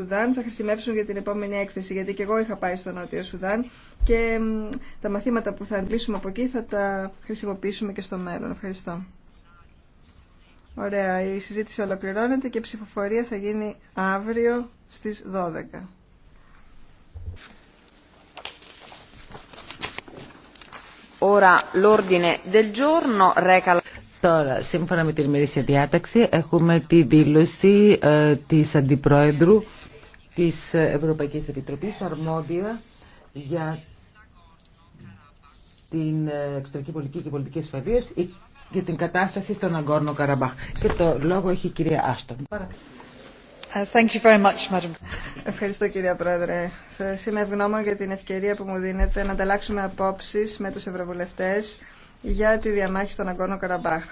Σουδάν θα χρησιμεύσουν για την επόμενη έκθεση, γιατί και εγώ είχα πάει στο Νότιο Σουδάν και τα μαθήματα που θα αντλήσουμε από εκεί θα τα χρησιμοποιήσουμε και στο μέλλον. Ευχαριστώ. Ωραία, η συζήτηση ολοκληρώνεται και η ψηφοφορία θα γίνει αύριο στις 12. Ora l'ordine del giorno reca Τώρα, σύμφωνα με την ημερήσια διάταξη, έχουμε τη δήλωση ε, της Αντιπρόεδρου της Ευρωπαϊκής Επιτροπής αρμόδια για την εξωτερική πολιτική και πολιτική ασφαλεία για την κατάσταση στον Αγκόρνο Καραμπάχ. Και το λόγο έχει η κυρία Άστον. Ε, thank you very much, Madam. Ευχαριστώ κυρία Πρόεδρε. Σα είμαι ευγνώμων για την ευκαιρία που μου δίνετε να ανταλλάξουμε απόψει με του Ευρωβουλευτές για τη διαμάχη στον Αγκόρνο Καραμπάχ.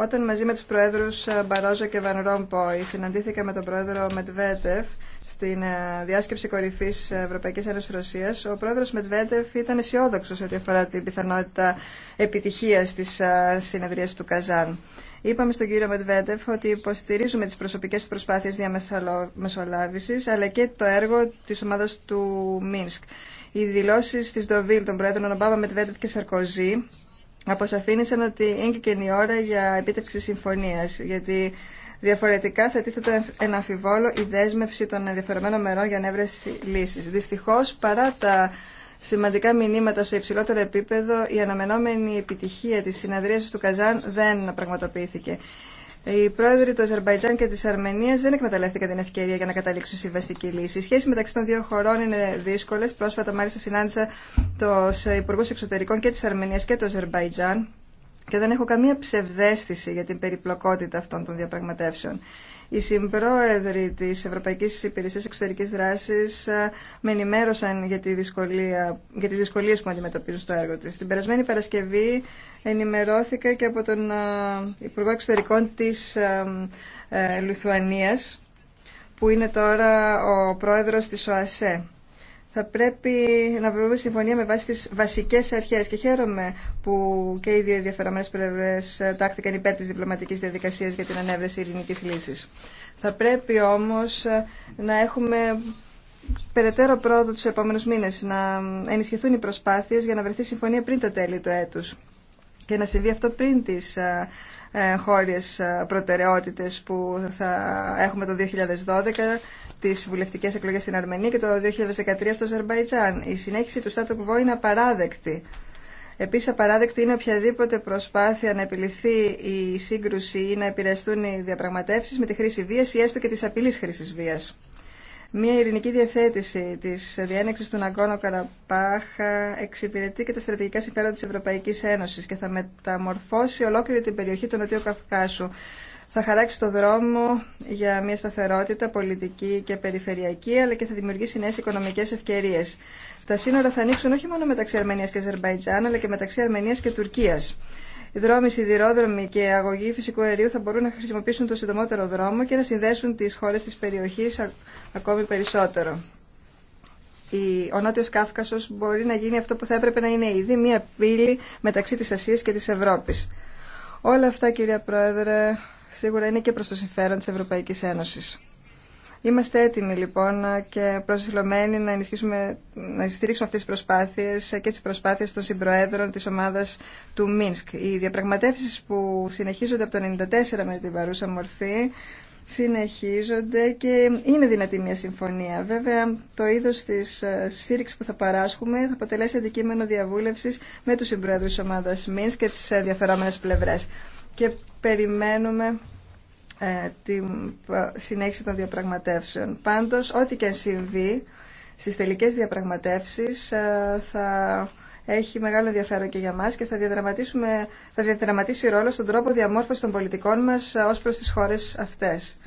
Όταν μαζί με τους Προέδρους ε, Μπαρόζο και Βαν Ρόμποϊ συναντήθηκα με τον Πρόεδρο Μετβέτεφ στην ε, διάσκεψη κορυφής Ευρωπαϊκής Ένωσης Ρωσίας, ο Πρόεδρος Μετβέτεφ ήταν αισιόδοξο ό,τι αφορά την πιθανότητα επιτυχίας της ε, συνεδρίας του Καζάν. Είπαμε στον κύριο Μετβέτεφ ότι υποστηρίζουμε τις προσωπικές προσπάθειες διαμεσολάβησης αλλά και το έργο της ομάδας του Μίνσκ. Οι δηλώσεις της Ντοβίλ των Πρόεδρων Ομπάμα Μετβέντεφ και Σαρκοζή αποσαφήνισαν ότι είναι και η ώρα για επίτευξη συμφωνίας, γιατί διαφορετικά θα τίθεται ένα αμφιβόλο η δέσμευση των ενδιαφερομένων μερών για ανέβρεση λύσης. Δυστυχώς, παρά τα σημαντικά μηνύματα σε υψηλότερο επίπεδο, η αναμενόμενη επιτυχία της συνεδρίασης του Καζάν δεν πραγματοποιήθηκε. Οι πρόεδροι του Αζερβαϊτζάν και τη Αρμενία δεν εκμεταλλεύτηκαν την ευκαιρία για να καταλήξουν συμβαστική λύση. Οι σχέσει μεταξύ των δύο χωρών είναι δύσκολε. Πρόσφατα, μάλιστα, συνάντησα του υπουργού εξωτερικών και τη Αρμενία και του Αζερβαϊτζάν και δεν έχω καμία ψευδέστηση για την περιπλοκότητα αυτών των διαπραγματεύσεων. Οι συμπρόεδροι της Ευρωπαϊκής Υπηρεσίας Εξωτερικής Δράσης ε, με ενημέρωσαν για, τη δυσκολία, για τις δυσκολίες που αντιμετωπίζουν στο έργο τους. Την περασμένη Παρασκευή ενημερώθηκα και από τον ε, Υπουργό Εξωτερικών της ε, Λουθουανίας, που είναι τώρα ο πρόεδρος της ΟΑΣΕ θα πρέπει να βρούμε συμφωνία με βάση τις βασικές αρχές και χαίρομαι που και οι δύο ενδιαφερομένες πλευρές τάχθηκαν υπέρ της διπλωματικής διαδικασίας για την ανέβρεση ειρηνικής λύσης. Θα πρέπει όμως να έχουμε περαιτέρω πρόοδο τους επόμενους μήνες, να ενισχυθούν οι προσπάθειες για να βρεθεί συμφωνία πριν τα τέλη του έτους και να συμβεί αυτό πριν τις ε, χώριες προτεραιότητες που θα έχουμε το 2012 τι βουλευτικέ εκλογέ στην Αρμενία και το 2013 στο Αζερβαϊτζάν. Η συνέχιση του στάτου κουβό είναι απαράδεκτη. Επίση, απαράδεκτη είναι οποιαδήποτε προσπάθεια να επιληθεί η σύγκρουση ή να επηρεαστούν οι διαπραγματεύσει με τη χρήση βία ή έστω και τη απειλή χρήση βία. Μια ειρηνική διαθέτηση τη διένεξη του Ναγκόνο Καραπάχα εξυπηρετεί και τα στρατηγικά συμφέροντα τη Ευρωπαϊκή Ένωση και θα μεταμορφώσει ολόκληρη την περιοχή του Νοτιού Καυκάσου θα χαράξει το δρόμο για μια σταθερότητα πολιτική και περιφερειακή, αλλά και θα δημιουργήσει νέε οικονομικέ ευκαιρίε. Τα σύνορα θα ανοίξουν όχι μόνο μεταξύ Αρμενία και Αζερβαϊτζάν, αλλά και μεταξύ Αρμενία και Τουρκία. Οι δρόμοι, σιδηρόδρομοι και αγωγοί φυσικού αερίου θα μπορούν να χρησιμοποιήσουν το συντομότερο δρόμο και να συνδέσουν τι χώρε τη περιοχή ακόμη περισσότερο. Ο Νότιο Κάφκασο μπορεί να γίνει αυτό που θα έπρεπε να είναι ήδη μία πύλη μεταξύ τη Ασία και τη Ευρώπη. Όλα αυτά, κυρία Πρόεδρε, σίγουρα είναι και προ το συμφέρον τη Ευρωπαϊκή Ένωση. Είμαστε έτοιμοι λοιπόν και προσυλλομένοι να, ενισχύσουμε, να στηρίξουμε αυτές τις προσπάθειες και τις προσπάθειες των συμπροέδρων της ομάδας του Μίνσκ. Οι διαπραγματεύσεις που συνεχίζονται από το 1994 με την παρούσα μορφή συνεχίζονται και είναι δυνατή μια συμφωνία. Βέβαια, το είδο τη ε, στήριξη που θα παράσχουμε θα αποτελέσει αντικείμενο διαβούλευση με του συμπροέδρους τη Ομάδα Μίνσκ και τι ενδιαφέρομενε πλευρέ και περιμένουμε ε, τη συνέχιση των διαπραγματεύσεων. Πάντως, ό,τι και αν συμβεί στις τελικές διαπραγματεύσεις ε, θα έχει μεγάλο ενδιαφέρον και για μας και θα, διαδραματίσουμε, θα διαδραματίσει ρόλο στον τρόπο διαμόρφωσης των πολιτικών μας ε, ως προς τις χώρες αυτές.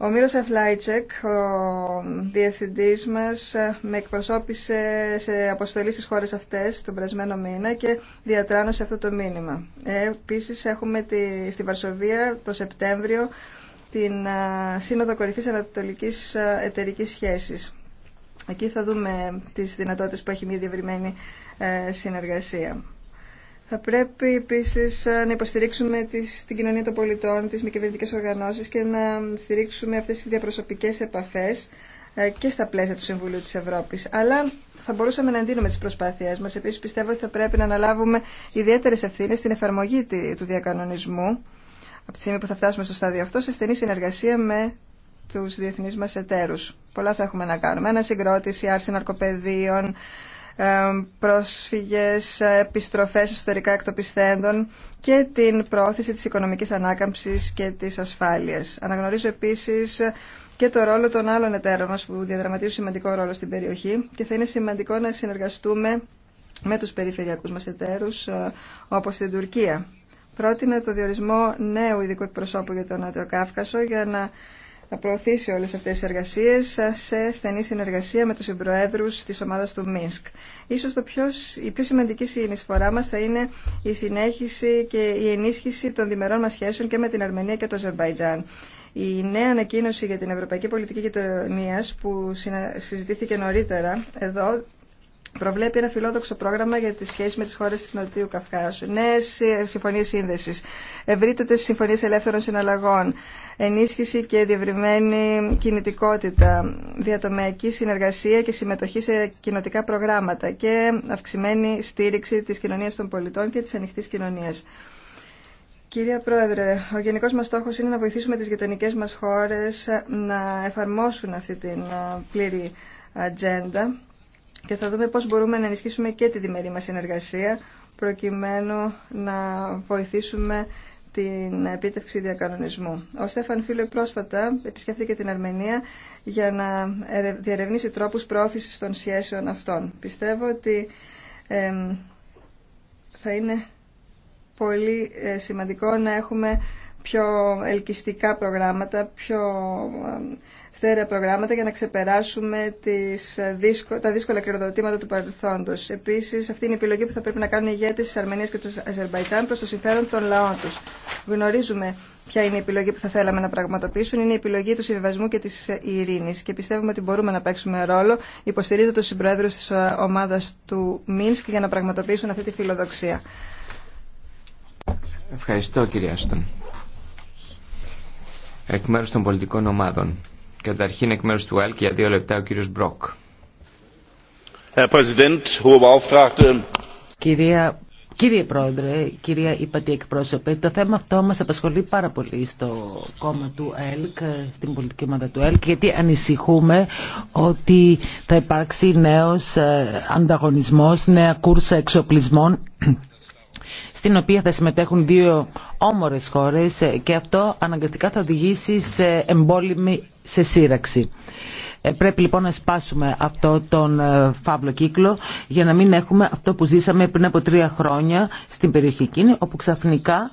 Ο Μύρος Αφλάιτσεκ, ο διευθυντής μας, με εκπροσώπησε σε αποστολή στις χώρες αυτές τον περασμένο μήνα και διατράνωσε αυτό το μήνυμα. Ε, επίσης έχουμε τη, στη Βαρσοβία το Σεπτέμβριο την Σύνοδο Κορυφής Ανατολικής Εταιρικής Σχέσης. Εκεί θα δούμε τις δυνατότητες που έχει μια διευρυμένη ε, συνεργασία. Θα πρέπει επίση ε, να υποστηρίξουμε τις, την κοινωνία των πολιτών, τι μη κυβερνητικέ οργανώσεις και να στηρίξουμε αυτέ τι διαπροσωπικές επαφέ ε, και στα πλαίσια του Συμβουλίου τη Ευρώπη. Αλλά θα μπορούσαμε να εντείνουμε τι προσπάθειές μα. Επίση, πιστεύω ότι θα πρέπει να αναλάβουμε ιδιαίτερε ευθύνε στην εφαρμογή του διακανονισμού από τη στιγμή που θα φτάσουμε στο στάδιο αυτό σε στενή συνεργασία με του διεθνεί μα εταίρους. Πολλά θα έχουμε να κάνουμε. Ανασυγκρότηση, άρση ναρκοπαιδείων, πρόσφυγες, επιστροφές εσωτερικά εκτοπιστέντων και την πρόθεση της οικονομικής ανάκαμψης και της ασφάλειας. Αναγνωρίζω επίσης και το ρόλο των άλλων εταίρων μας που διαδραματίζουν σημαντικό ρόλο στην περιοχή και θα είναι σημαντικό να συνεργαστούμε με τους περιφερειακούς μας εταίρους ε, όπως την Τουρκία. Πρότεινα το διορισμό νέου ειδικού εκπροσώπου για τον Νότιο Κάφκασο για να να προωθήσει όλες αυτές τις εργασίες σε στενή συνεργασία με τους συμπροέδρους της ομάδας του Μίνσκ. Ίσως το πιο, η πιο σημαντική συνεισφορά μας θα είναι η συνέχιση και η ενίσχυση των διμερών μας σχέσεων και με την Αρμενία και το Αζερβαϊτζάν. Η νέα ανακοίνωση για την Ευρωπαϊκή Πολιτική Γειτονία που συζητήθηκε νωρίτερα εδώ προβλέπει ένα φιλόδοξο πρόγραμμα για τις σχέσεις με τις χώρες της Νοτιού Καυκάσου. Νέες συμφωνίες σύνδεσης, Ευρύτερε συμφωνίες ελεύθερων συναλλαγών, ενίσχυση και διευρυμένη κινητικότητα, διατομιακή συνεργασία και συμμετοχή σε κοινοτικά προγράμματα και αυξημένη στήριξη της κοινωνίας των πολιτών και της ανοιχτής κοινωνίας. Κυρία Πρόεδρε, ο γενικός μας στόχος είναι να βοηθήσουμε τις γειτονικές μας χώρες να εφαρμόσουν αυτή την πλήρη ατζέντα και θα δούμε πώς μπορούμε να ενισχύσουμε και τη διμερή μας συνεργασία προκειμένου να βοηθήσουμε την επίτευξη διακανονισμού. Ο Στέφαν Φίλε πρόσφατα επισκέφθηκε την Αρμενία για να διερευνήσει τρόπους προώθησης των σχέσεων αυτών. Πιστεύω ότι θα είναι πολύ ε, σημαντικό να έχουμε πιο ελκυστικά προγράμματα, πιο στέρεα προγράμματα για να ξεπεράσουμε τις ε, δύσκο, τα δύσκολα κληροδοτήματα του παρελθόντο. Επίση, αυτή είναι η επιλογή που θα πρέπει να κάνουν οι ηγέτε τη Αρμενία και του Αζερβαϊτζάν προ το συμφέρον των λαών του. Γνωρίζουμε ποια είναι η επιλογή που θα θέλαμε να πραγματοποιήσουν. Είναι η επιλογή του συμβιβασμού και τη ε, ειρήνη. και πιστεύουμε ότι μπορούμε να παίξουμε ρόλο υποστηρίζοντας του συμπρόεδρου τη ε, ομάδα του Μίνσκ για να πραγματοποιήσουν αυτή τη φιλοδοξία. Ευχαριστώ κυρία Στον. Εκ μέρους των πολιτικών ομάδων. Καταρχήν εκ μέρους του ΑΛ για δύο λεπτά ο κύριος Μπροκ. Κυρία Κύριε Πρόεδρε, κυρία Υπατή Εκπρόσωπε, το θέμα αυτό μας απασχολεί πάρα πολύ στο κόμμα του ΕΛΚ, στην πολιτική ομάδα του ΕΛΚ, γιατί ανησυχούμε ότι θα υπάρξει νέος ε, ανταγωνισμός, νέα κούρσα εξοπλισμών, στην οποία θα συμμετέχουν δύο όμορες χώρες ε, και αυτό αναγκαστικά θα οδηγήσει σε εμπόλεμη σε σύραξη. Ε, πρέπει λοιπόν να σπάσουμε αυτό τον ε, φαύλο κύκλο για να μην έχουμε αυτό που ζήσαμε πριν από τρία χρόνια στην περιοχή εκείνη όπου ξαφνικά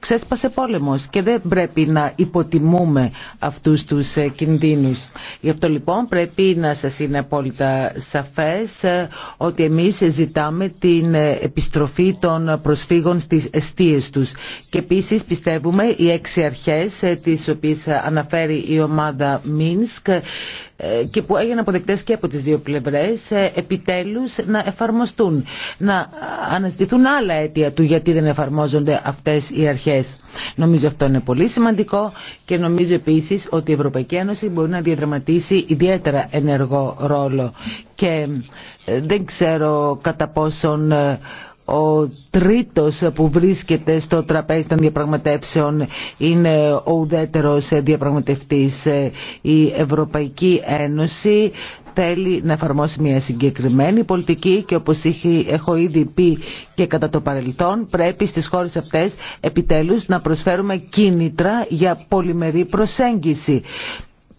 ξέσπασε πόλεμος και δεν πρέπει να υποτιμούμε αυτούς τους ε, κινδύνους. Γι' αυτό λοιπόν πρέπει να σας είναι απόλυτα σαφές ε, ότι εμείς ζητάμε την ε, επιστροφή των προσφύγων στις αιστείες τους. Και επίσης πιστεύουμε οι έξι αρχές τις οποίες αναφέρει η ομάδα Μίνσκ ε, και που έγιναν αποδεκτές και από τις δύο πλευρές ε, επιτέλους να εφαρμοστούν, να αναζητηθούν άλλα αίτια του γιατί δεν εφαρμόζονται αυτές οι αρχές. Νομίζω αυτό είναι πολύ σημαντικό και νομίζω επίσης ότι η Ευρωπαϊκή Ένωση μπορεί να διαδραματίσει ιδιαίτερα ενεργό ρόλο και ε, δεν ξέρω κατά πόσον ο τρίτος που βρίσκεται στο τραπέζι των διαπραγματεύσεων είναι ο ουδέτερος διαπραγματευτής. Η Ευρωπαϊκή Ένωση θέλει να εφαρμόσει μια συγκεκριμένη πολιτική και όπως έχω ήδη πει και κατά το παρελθόν πρέπει στις χώρες αυτές επιτέλους να προσφέρουμε κίνητρα για πολυμερή προσέγγιση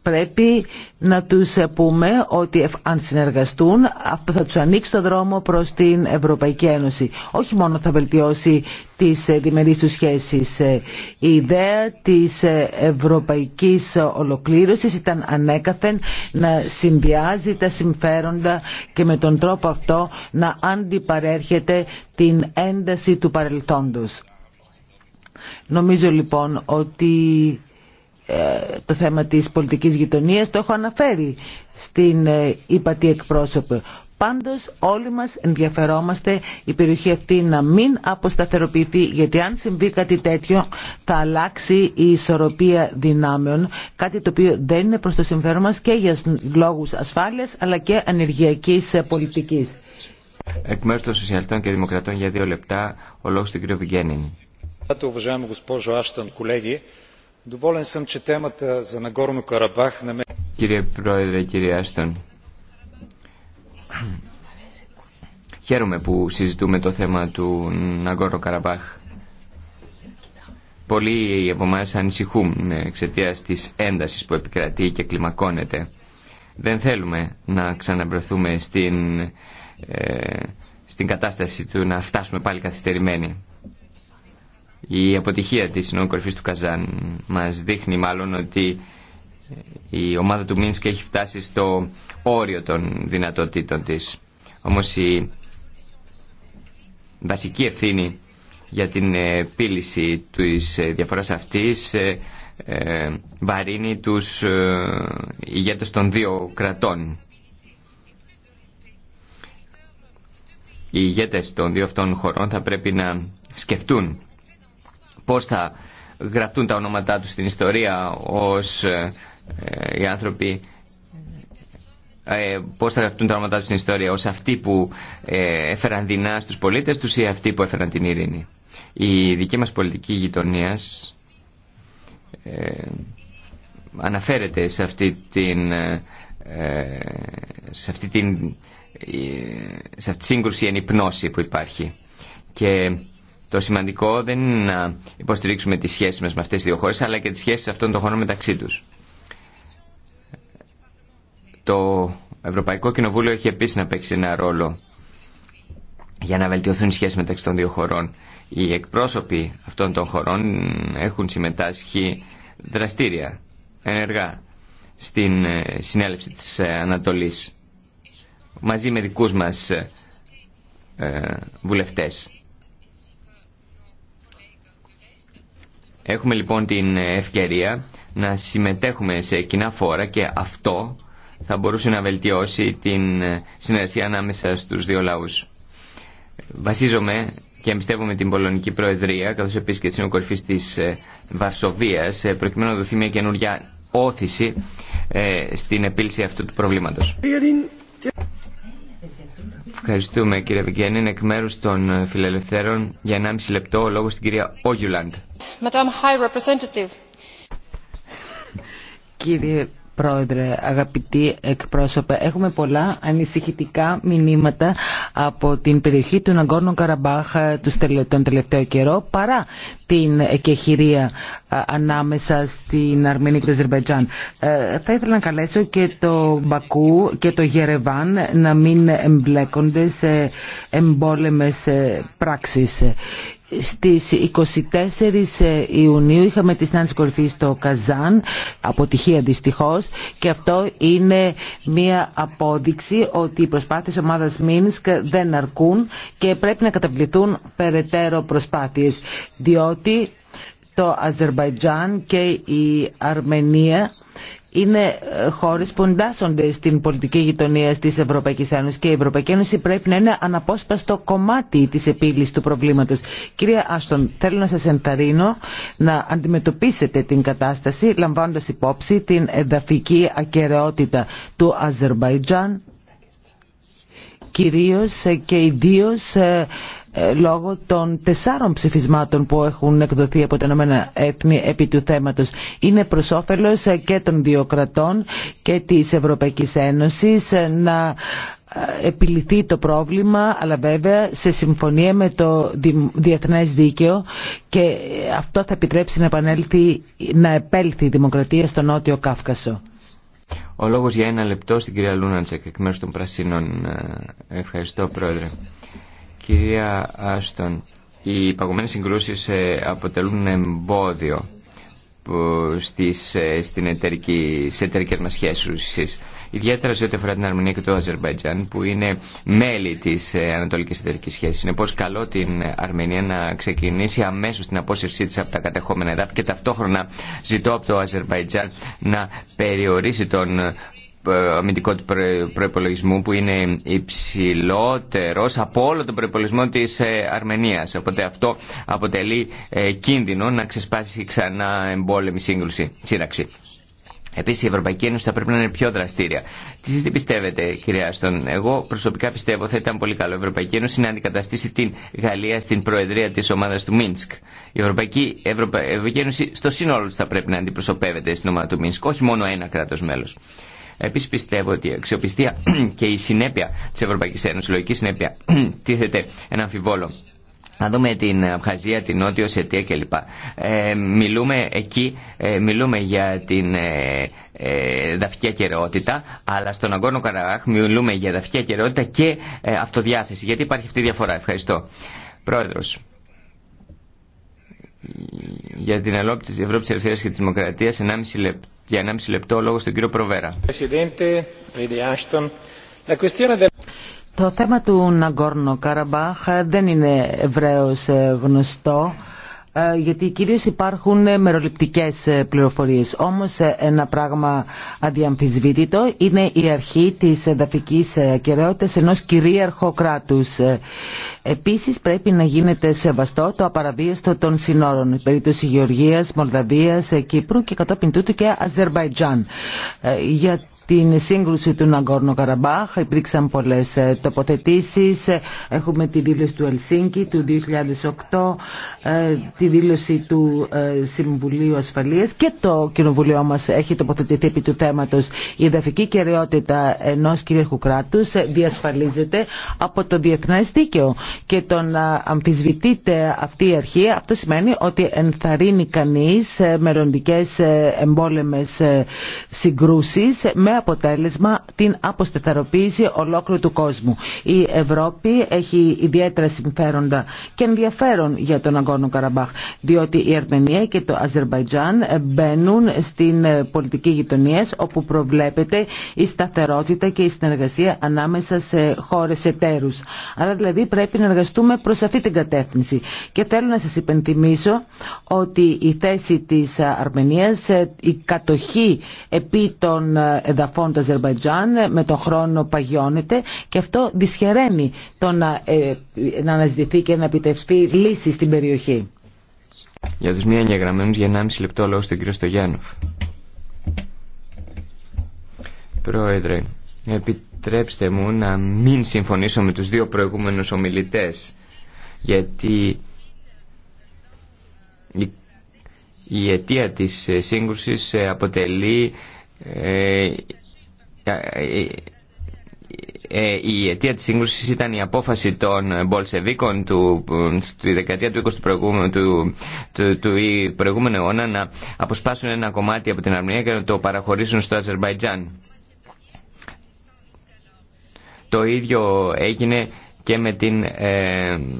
πρέπει να τους πούμε ότι αν συνεργαστούν αυτό θα τους ανοίξει το δρόμο προς την Ευρωπαϊκή Ένωση. Όχι μόνο θα βελτιώσει τις ε, διμερείς τους σχέσεις. Ε, η ιδέα της ε, ευρωπαϊκής ολοκλήρωσης ήταν ανέκαθεν να συνδυάζει τα συμφέροντα και με τον τρόπο αυτό να αντιπαρέρχεται την ένταση του παρελθόντος. Νομίζω λοιπόν ότι ε, το θέμα της πολιτικής γειτονίας το έχω αναφέρει στην υπατή ε, εκπρόσωπο. Πάντως όλοι μας ενδιαφερόμαστε η περιοχή αυτή να μην αποσταθεροποιηθεί γιατί αν συμβεί κάτι τέτοιο θα αλλάξει η ισορροπία δυνάμεων κάτι το οποίο δεν είναι προς το συμφέρον μας και για λόγους ασφάλειας αλλά και ανεργειακής πολιτικής. Εκ μέρους των και Δημοκρατών για δύο λεπτά ο λόγος του κ. Κύριε Πρόεδρε, κύριε Άστον, χαίρομαι που συζητούμε το θέμα του Ναγκόρο Καραμπάχ. Πολλοί από εμά ανησυχούν εξαιτία τη ένταση που επικρατεί και κλιμακώνεται. Δεν θέλουμε να ξαναβρεθούμε στην, ε, στην κατάσταση του να φτάσουμε πάλι καθυστερημένοι. Η αποτυχία της Συνόδου του Καζάν μας δείχνει μάλλον ότι η ομάδα του Μίνσκ έχει φτάσει στο όριο των δυνατοτήτων της. Όμως η βασική ευθύνη για την ε, πύληση της ε, διαφοράς αυτής ε, βαρύνει τους ηγέτες των δύο κρατών. Οι ηγέτες των δύο αυτών χωρών θα πρέπει να σκεφτούν πώς θα γραφτούν τα ονόματά τους στην ιστορία ως ε, ε, άνθρωποι ε, πώς θα γραφτούν τα ονόματά τους στην ιστορία ως αυτοί που έφεραν δεινά στους πολίτες τους ή αυτοί που έφεραν την ειρήνη. Η δική μας πολιτική γειτονίας αναφέρεται σε αυτή την σε αυτή την σε αυτή τη σύγκρουση ενυπνώση που υπάρχει και το σημαντικό δεν είναι να υποστηρίξουμε τις σχέσεις μας με αυτές τις δύο χώρες, αλλά και τις σχέσεις αυτών των χωρών μεταξύ τους. Το Ευρωπαϊκό Κοινοβούλιο έχει επίσης να παίξει ένα ρόλο για να βελτιωθούν οι σχέσεις μεταξύ των δύο χωρών. Οι εκπρόσωποι αυτών των χωρών έχουν συμμετάσχει δραστήρια, ενεργά, στην ε, συνέλευση της ε, Ανατολής, μαζί με δικούς μας ε, βουλευτές. Έχουμε λοιπόν την ευκαιρία να συμμετέχουμε σε κοινά φόρα και αυτό θα μπορούσε να βελτιώσει την συνεργασία ανάμεσα στους δύο λαούς. Βασίζομαι και εμπιστεύομαι την Πολωνική Προεδρία, καθώς επίσης και τη Συνοκορφή της ε, Βαρσοβίας, ε, προκειμένου να δοθεί μια καινούργια όθηση ε, στην επίλυση αυτού του προβλήματος. Ευχαριστούμε κύριε Βικένιν. Εκ μέρου των φιλελευθέρων για 1,5 λεπτό ο λόγος στην κυρία Όγιουλαντ. Κύριε Πρόεδρε, αγαπητοί εκπρόσωπε, έχουμε πολλά ανησυχητικά μηνύματα από την περιοχή του Ναγκόρνου Καραμπάχ ε, τον τελευταίο καιρό παρά την εκεχηρία ε, ανάμεσα στην Αρμενία και το Αζερβαϊτζάν. Ε, θα ήθελα να καλέσω και το Μπακού και το Γερεβάν να μην εμπλέκονται σε εμπόλεμες πράξεις. Στις 24 ε, Ιουνίου είχαμε τη συνάντηση κορυφή στο Καζάν, αποτυχία δυστυχώς, και αυτό είναι μία απόδειξη ότι οι προσπάθειες ομάδας Μίνσκ δεν αρκούν και πρέπει να καταβληθούν περαιτέρω προσπάθειες, διότι το Αζερβαϊτζάν και η Αρμενία είναι ε, χώρε που εντάσσονται στην πολιτική γειτονία τη Ευρωπαϊκή Ένωση και η Ευρωπαϊκή Ένωση πρέπει να είναι αναπόσπαστο κομμάτι της επίλυση του προβλήματος. Κυρία Άστον, θέλω να σα ενθαρρύνω να αντιμετωπίσετε την κατάσταση λαμβάνοντας υπόψη την εδαφική ακαιρεότητα του Αζερβαϊτζάν κυρίως ε, και ιδίως ε, ε, λόγω των τεσσάρων ψηφισμάτων που έχουν εκδοθεί από τα Ηνωμένα επί του θέματος. Είναι προς όφελος ε, και των δύο κρατών και της Ευρωπαϊκής Ένωσης ε, να επιληθεί το πρόβλημα αλλά βέβαια σε συμφωνία με το διεθνές δίκαιο και αυτό θα επιτρέψει να, επανέλθει, να επέλθει η δημοκρατία στο Νότιο Κάφκασο. Ο λόγος για ένα λεπτό στην κυρία Λούναντσεκ εκ μέρους των Πρασίνων. Ευχαριστώ πρόεδρε. Κυρία Άστον, οι παγωμένες συγκρούσεις ε, αποτελούν εμπόδιο ε, στις, ε, στην εταιρική, στις εταιρικές μας σχέσεις ιδιαίτερα σε ό,τι αφορά την Αρμενία και το Αζερβαϊτζάν που είναι μέλη της Ανατολικής Εταιρικής Σχέσης. Είναι πως καλό την Αρμενία να ξεκινήσει αμέσως την απόσυρσή της από τα κατεχόμενα εδάφη και ταυτόχρονα ζητώ από το Αζερβαϊτζάν να περιορίσει τον ε, αμυντικό του προπολογισμού που είναι υψηλότερο από όλο τον προπολογισμό τη ε, Αρμενία, Οπότε αυτό αποτελεί ε, κίνδυνο να ξεσπάσει ξανά εμπόλεμη σύγκρουση, σύραξη. Επίση, η Ευρωπαϊκή Ένωση θα πρέπει να είναι πιο δραστήρια. Τι εσεί τι πιστεύετε, κυρία Άστον. Εγώ προσωπικά πιστεύω θα ήταν πολύ καλό η Ευρωπαϊκή Ένωση να αντικαταστήσει την Γαλλία στην Προεδρία τη ομάδα του Μίνσκ. Η Ευρωπαϊκή, Ευρωπαϊκή Ένωση στο σύνολο τη θα πρέπει να αντιπροσωπεύεται στην ομάδα του Μίνσκ, όχι μόνο ένα κράτο μέλο. Επίση πιστεύω ότι η αξιοπιστία και η συνέπεια τη Ευρωπαϊκή Ένωση, η λογική συνέπεια, τίθεται ένα αμφιβόλο. Να δούμε την Αμπχαζία, την Νότιο Σετία κλπ. Ε, μιλούμε εκεί, ε, μιλούμε για την ε, ε, δαφική ακαιρεότητα, αλλά στον Αγκόνο Καραγάχ μιλούμε για δαφική ακαιρεότητα και ε, αυτοδιάθεση. Γιατί υπάρχει αυτή η διαφορά. Ευχαριστώ. Πρόεδρος, για την Ευρώπη της Ελευθερίας και της Δημοκρατίας, 1,5 λεπτό για 1,5 λεπτό λόγο στον κύριο Προβέρα. Το θέμα του Ναγκόρνο Καραμπάχ δεν είναι ευρέως ε, γνωστό ε, γιατί κυρίως υπάρχουν ε, μεροληπτικές ε, πληροφορίες. Όμως ένα πράγμα αδιαμφισβήτητο είναι η αρχή της εδαφικής ακεραιότητας ενός κυρίαρχο κράτους. Επίσης πρέπει να γίνεται σεβαστό το απαραβίαστο των συνόρων, η περίπτωση Γεωργίας, Μολδαβίας, Κύπρου και κατόπιν τούτου και Αζερβαϊτζάν την σύγκρουση του Ναγκόρνο Καραμπάχ. Υπήρξαν πολλέ ε, τοποθετήσει. Έχουμε τη δήλωση του Ελσίνκη του 2008, ε, τη δήλωση του ε, Συμβουλίου Ασφαλείας και το Κοινοβουλίο μα έχει τοποθετηθεί επί του θέματο. Η εδαφική κυριότητα ενό κυρίαρχου κράτου διασφαλίζεται από το διεθνέ δίκαιο και το να αμφισβητείται αυτή η αρχή, αυτό σημαίνει ότι ενθαρρύνει κανεί μεροντικέ εμπόλεμε συγκρούσει αποτέλεσμα την αποστεθεροποίηση ολόκληρου του κόσμου. Η Ευρώπη έχει ιδιαίτερα συμφέροντα και ενδιαφέρον για τον Αγκόνο Καραμπάχ, διότι η Αρμενία και το Αζερβαϊτζάν μπαίνουν στην πολιτική γειτονία όπου προβλέπεται η σταθερότητα και η συνεργασία ανάμεσα σε χώρε εταίρου. Άρα δηλαδή πρέπει να εργαστούμε προ αυτή την κατεύθυνση. Και θέλω να σα υπενθυμίσω ότι η θέση τη Αρμενία, η κατοχή επί των εδαφών, σκαφών του Αζερβαϊτζάν με τον χρόνο παγιώνεται και αυτό δυσχεραίνει το να, ε, να αναζητηθεί και να επιτευχθεί λύση στην περιοχή. Για τους μία εγγεγραμμένους για 1,5 λεπτό λόγο στον κύριο Στογιάνοφ. Πρόεδρε, επιτρέψτε μου να μην συμφωνήσω με τους δύο προηγούμενους ομιλητές γιατί η αιτία της σύγκρουσης ε, αποτελεί ε, ε, ε, η αιτία της σύγκρουσης ήταν η απόφαση των Μπολσεβίκων του, στη δεκαετία του 20 του προηγούμενου, του, του, προηγούμενου αιώνα να αποσπάσουν ένα κομμάτι από την Αρμενία και να το παραχωρήσουν στο Αζερβαϊτζάν. Το ίδιο έγινε και με, την,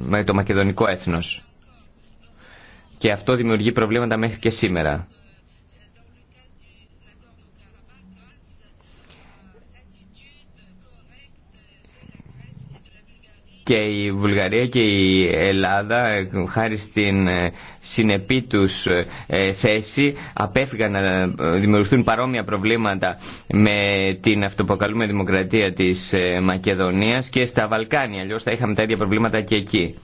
με το μακεδονικό έθνος. Και αυτό δημιουργεί προβλήματα μέχρι και σήμερα. και η Βουλγαρία και η Ελλάδα χάρη στην ε, συνεπή τους ε, θέση απέφυγαν να ε, δημιουργηθούν παρόμοια προβλήματα με την αυτοποκαλούμε δημοκρατία της Μακεδονίας και στα Βαλκάνια, αλλιώς θα είχαμε τα ίδια προβλήματα και εκεί.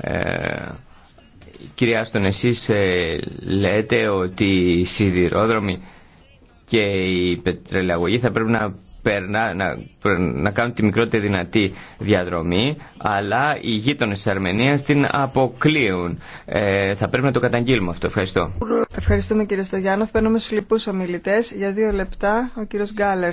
Ε, κυρία Άστον, εσείς λέτε ότι οι σιδηρόδρομοι και η πετρελαγωγή θα πρέπει να περνά, να, να κάνουν τη μικρότερη δυνατή διαδρομή, αλλά οι γείτονε τη Αρμενία την αποκλείουν. Ε, θα πρέπει να το καταγγείλουμε αυτό. Ευχαριστώ. Ευχαριστούμε κύριε Στογιάννοφ. Παίρνουμε στου λοιπού ομιλητέ. Για δύο λεπτά ο κύριο Γκάλερ.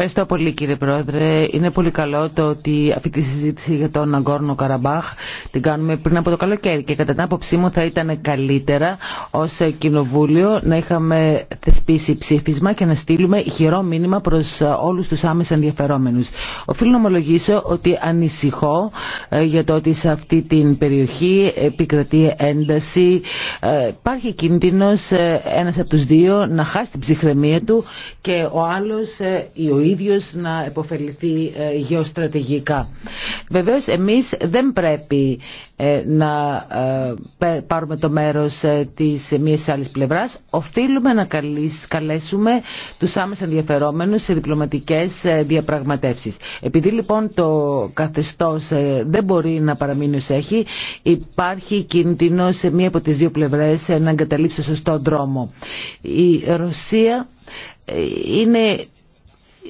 Ευχαριστώ πολύ κύριε Πρόεδρε. Είναι πολύ καλό το ότι αυτή τη συζήτηση για τον Αγκόρνο Καραμπάχ την κάνουμε πριν από το καλοκαίρι και κατά την άποψή μου θα ήταν καλύτερα ως Κοινοβούλιο να είχαμε θεσπίσει ψήφισμα και να στείλουμε χειρό μήνυμα προς όλους τους άμεσα ενδιαφερόμενους. Οφείλω να ομολογήσω ότι ανησυχώ ε, για το ότι σε αυτή την περιοχή επικρατεί ένταση. Ε, υπάρχει κίνδυνος ε, ένας από τους δύο να χάσει την ψυχραιμία του και ο άλλος ή ο ίδιος να επωφεληθεί ε, γεωστρατηγικά. Βεβαίως εμείς δεν πρέπει ε, να ε, πάρουμε το μέρος της μίας της άλλης πλευράς. Οφείλουμε να καλέσουμε τους άμεσα ενδιαφερόμενους σε διπλωματικές διαπραγματεύσεις. Επειδή λοιπόν το καθεστώς δεν μπορεί να παραμείνει ως έχει, υπάρχει κίνδυνο σε μία από τις δύο πλευρές να εγκαταλείψει σωστό δρόμο. Η Ρωσία είναι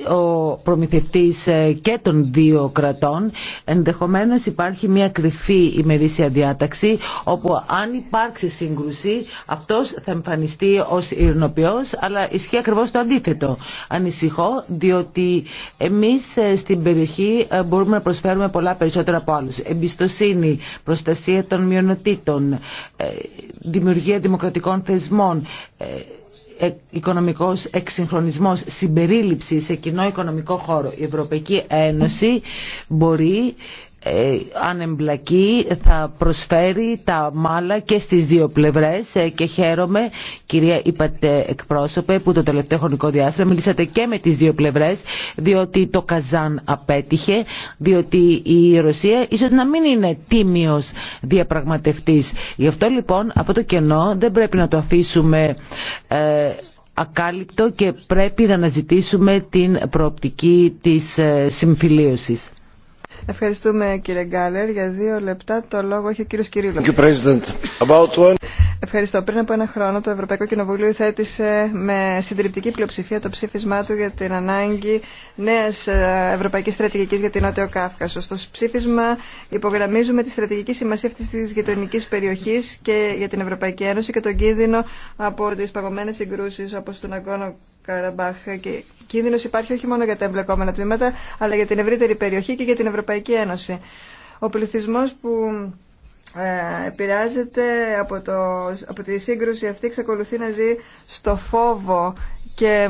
ο προμηθευτής ε, και των δύο κρατών ενδεχομένως υπάρχει μια κρυφή ημερήσια διάταξη όπου αν υπάρξει σύγκρουση αυτός θα εμφανιστεί ως ειρνοποιός αλλά ισχύει ακριβώς το αντίθετο ανησυχώ διότι εμείς ε, στην περιοχή ε, μπορούμε να προσφέρουμε πολλά περισσότερα από άλλους εμπιστοσύνη, προστασία των μειονοτήτων δημιουργία δημοκρατικών θεσμών οικονομικός εξυγχρονισμός συμπερίληψη σε κοινό οικονομικό χώρο. Η Ευρωπαϊκή Ένωση μπορεί ε, αν εμπλακεί θα προσφέρει τα μάλα και στις δύο πλευρές ε, και χαίρομαι κυρία είπατε εκπρόσωπε που το τελευταίο χρονικό διάστημα μιλήσατε και με τις δύο πλευρές διότι το Καζάν απέτυχε διότι η Ρωσία ίσως να μην είναι τίμιος διαπραγματευτής γι' αυτό λοιπόν αυτό το κενό δεν πρέπει να το αφήσουμε ε, ακάλυπτο και πρέπει να αναζητήσουμε την προοπτική της ε, συμφιλίωσης. Ευχαριστούμε κύριε Γκάλερ. Για δύο λεπτά το λόγο έχει ο κύριος Κυρίλο. Ευχαριστώ. Πριν από ένα χρόνο το Ευρωπαϊκό Κοινοβούλιο θέτησε με συντριπτική πλειοψηφία το ψήφισμά του για την ανάγκη νέα ε, ευρωπαϊκή στρατηγική για την Νότιο Κάφκασο. Στο ψήφισμα υπογραμμίζουμε τη στρατηγική σημασία αυτή τη γειτονική περιοχή και για την Ευρωπαϊκή Ένωση και τον κίνδυνο από τι παγωμένε συγκρούσει όπω του Ναγκόνο Καραμπάχ. Και κίνδυνο υπάρχει όχι μόνο για τα εμπλεκόμενα τμήματα, αλλά για την ευρύτερη περιοχή και για την Ευρωπαϊκή Ένωση. Ο πληθυσμό που ε, επηρεάζεται από, το, από τη σύγκρουση αυτή, εξακολουθεί να ζει στο φόβο και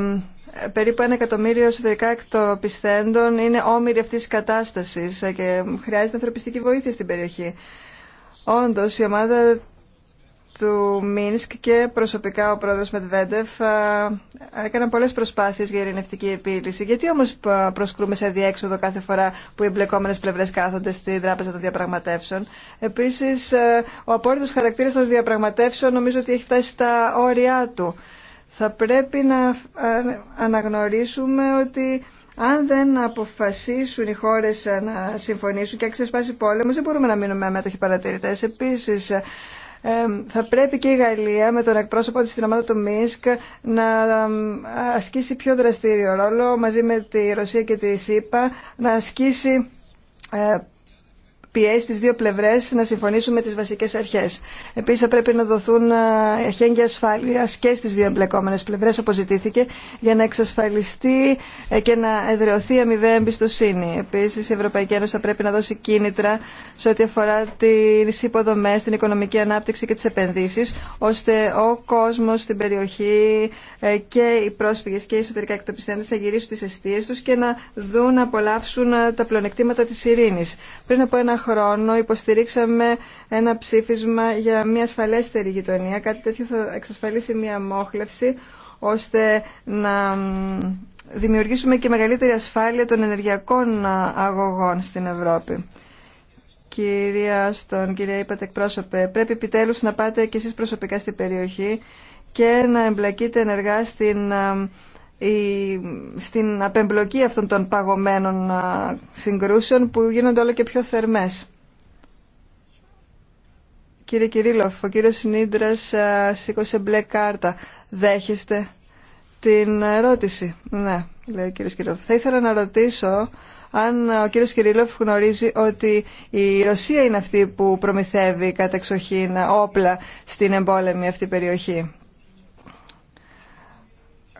περίπου ένα εκατομμύριο εσωτερικά εκτοπισθέντων είναι όμοιροι αυτής της κατάστασης ε, και χρειάζεται ανθρωπιστική βοήθεια στην περιοχή. Όντως, η ομάδα του Μίνσκ και προσωπικά ο πρόεδρος Μετβέντεφ ε, έκαναν πολλές προσπάθειες για ειρηνευτική επίλυση. Γιατί όμως ε, προσκρούμε σε διέξοδο κάθε φορά που οι εμπλεκόμενες πλευρές κάθονται στη τράπεζα των διαπραγματεύσεων. Επίσης, ε, ο απόρριτος χαρακτήρας των διαπραγματεύσεων νομίζω ότι έχει φτάσει στα όρια του. Θα πρέπει να αναγνωρίσουμε ότι αν δεν αποφασίσουν οι χώρε να συμφωνήσουν και αν ξεσπάσει πόλεμο, δεν μπορούμε να μείνουμε αμέτωχοι παρατηρητέ. Επίση, θα πρέπει και η Γαλλία με τον εκπρόσωπο της στην ομάδα του Μίσκ να ασκήσει πιο δραστήριο ρόλο μαζί με τη Ρωσία και τη ΣΥΠΑ να ασκήσει ε, πιέσει τις δύο πλευρές να συμφωνήσουν με τις βασικές αρχές. Επίσης θα πρέπει να δοθούν ε, χέγγια ασφάλειας και στις δύο εμπλεκόμενες πλευρές όπως ζητήθηκε για να εξασφαλιστεί ε, και να εδραιωθεί αμοιβαία εμπιστοσύνη. Επίσης η Ευρωπαϊκή Ένωση θα πρέπει να δώσει κίνητρα σε ό,τι αφορά τις υποδομές, την οικονομική ανάπτυξη και τις επενδύσεις ώστε ο κόσμος στην περιοχή ε, και οι πρόσφυγες και οι εσωτερικά εκτοπιστέντες να γυρίσουν τις αιστείες τους και να δουν να απολαύσουν τα πλεονεκτήματα της ειρήνης. Πριν από ένα χρόνο υποστηρίξαμε ένα ψήφισμα για μια ασφαλέστερη γειτονία. Κάτι τέτοιο θα εξασφαλίσει μια μόχλευση ώστε να δημιουργήσουμε και μεγαλύτερη ασφάλεια των ενεργειακών αγωγών στην Ευρώπη. Κυρία Στον, κυρία είπατε εκπρόσωπε, πρέπει επιτέλους να πάτε και εσείς προσωπικά στην περιοχή και να εμπλακείτε ενεργά στην στην απεμπλοκή αυτών των παγωμένων συγκρούσεων που γίνονται όλο και πιο θερμές. Κύριε Κυρίλοφ, ο κύριος α, σήκωσε μπλε κάρτα. Δέχεστε την ερώτηση. Ναι, λέει ο κύριος Κυρίλοφ. Θα ήθελα να ρωτήσω αν ο κύριος Κυρίλοφ γνωρίζει ότι η Ρωσία είναι αυτή που προμηθεύει κατεξοχήν όπλα στην εμπόλεμη αυτή περιοχή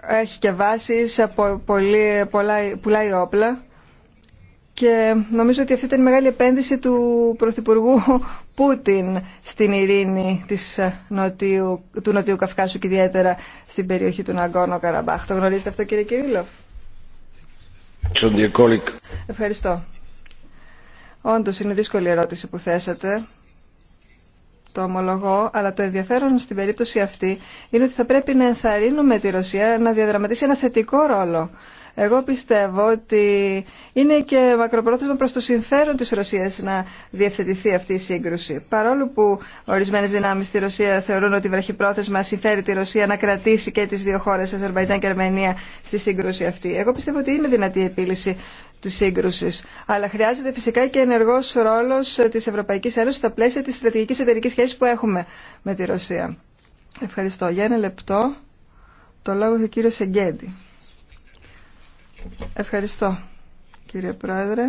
έχει και βάσεις, πολύ, πολλά, πουλάει όπλα και νομίζω ότι αυτή ήταν η μεγάλη επένδυση του Πρωθυπουργού Πούτιν στην ειρήνη της ε, νοτιού, του Νοτιού Καυκάσου και ιδιαίτερα στην περιοχή του Ναγκόνο Καραμπάχ. Το γνωρίζετε αυτό κύριε Κυρίλοφ. Ευχαριστώ. Όντως είναι δύσκολη ερώτηση που θέσατε το ομολογώ, αλλά το ενδιαφέρον στην περίπτωση αυτή είναι ότι θα πρέπει να ενθαρρύνουμε τη Ρωσία να διαδραματίσει ένα θετικό ρόλο. Εγώ πιστεύω ότι είναι και μακροπρόθεσμα προς το συμφέρον της Ρωσίας να διευθετηθεί αυτή η σύγκρουση. Παρόλο που ορισμένες δυνάμεις στη Ρωσία θεωρούν ότι βραχυπρόθεσμα συμφέρει τη Ρωσία να κρατήσει και τις δύο χώρες, Αζερβαϊτζάν και Αρμενία, στη σύγκρουση αυτή. Εγώ πιστεύω ότι είναι δυνατή η επίλυση της σύγκρουση. Αλλά χρειάζεται φυσικά και ενεργό ρόλο τη Ευρωπαϊκή Ένωση στα πλαίσια τη στρατηγική εταιρική σχέση που έχουμε με τη Ρωσία. Ευχαριστώ. Για ένα λεπτό το λόγο έχει ο Σεγγέντη. Ευχαριστώ κύριε Πρόεδρε.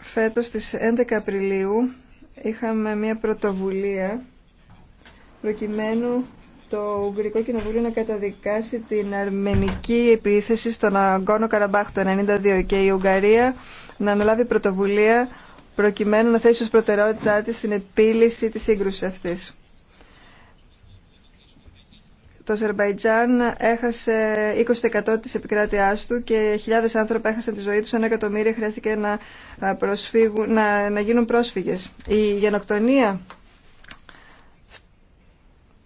Φέτος στις 11 Απριλίου είχαμε μια πρωτοβουλία προκειμένου το Ουγγρικό Κοινοβούλιο να καταδικάσει την αρμενική επίθεση στον Αγκόνο Καραμπάχ το 1992 και η Ουγγαρία να αναλάβει πρωτοβουλία προκειμένου να θέσει ως προτεραιότητά της την επίλυση της σύγκρουσης αυτής. Το Αζερβαϊτζάν έχασε 20% της επικράτειάς του και χιλιάδες άνθρωποι έχασαν τη ζωή τους, ένα εκατομμύριο χρειάστηκε να, να, να γίνουν πρόσφυγες. Η γενοκτονία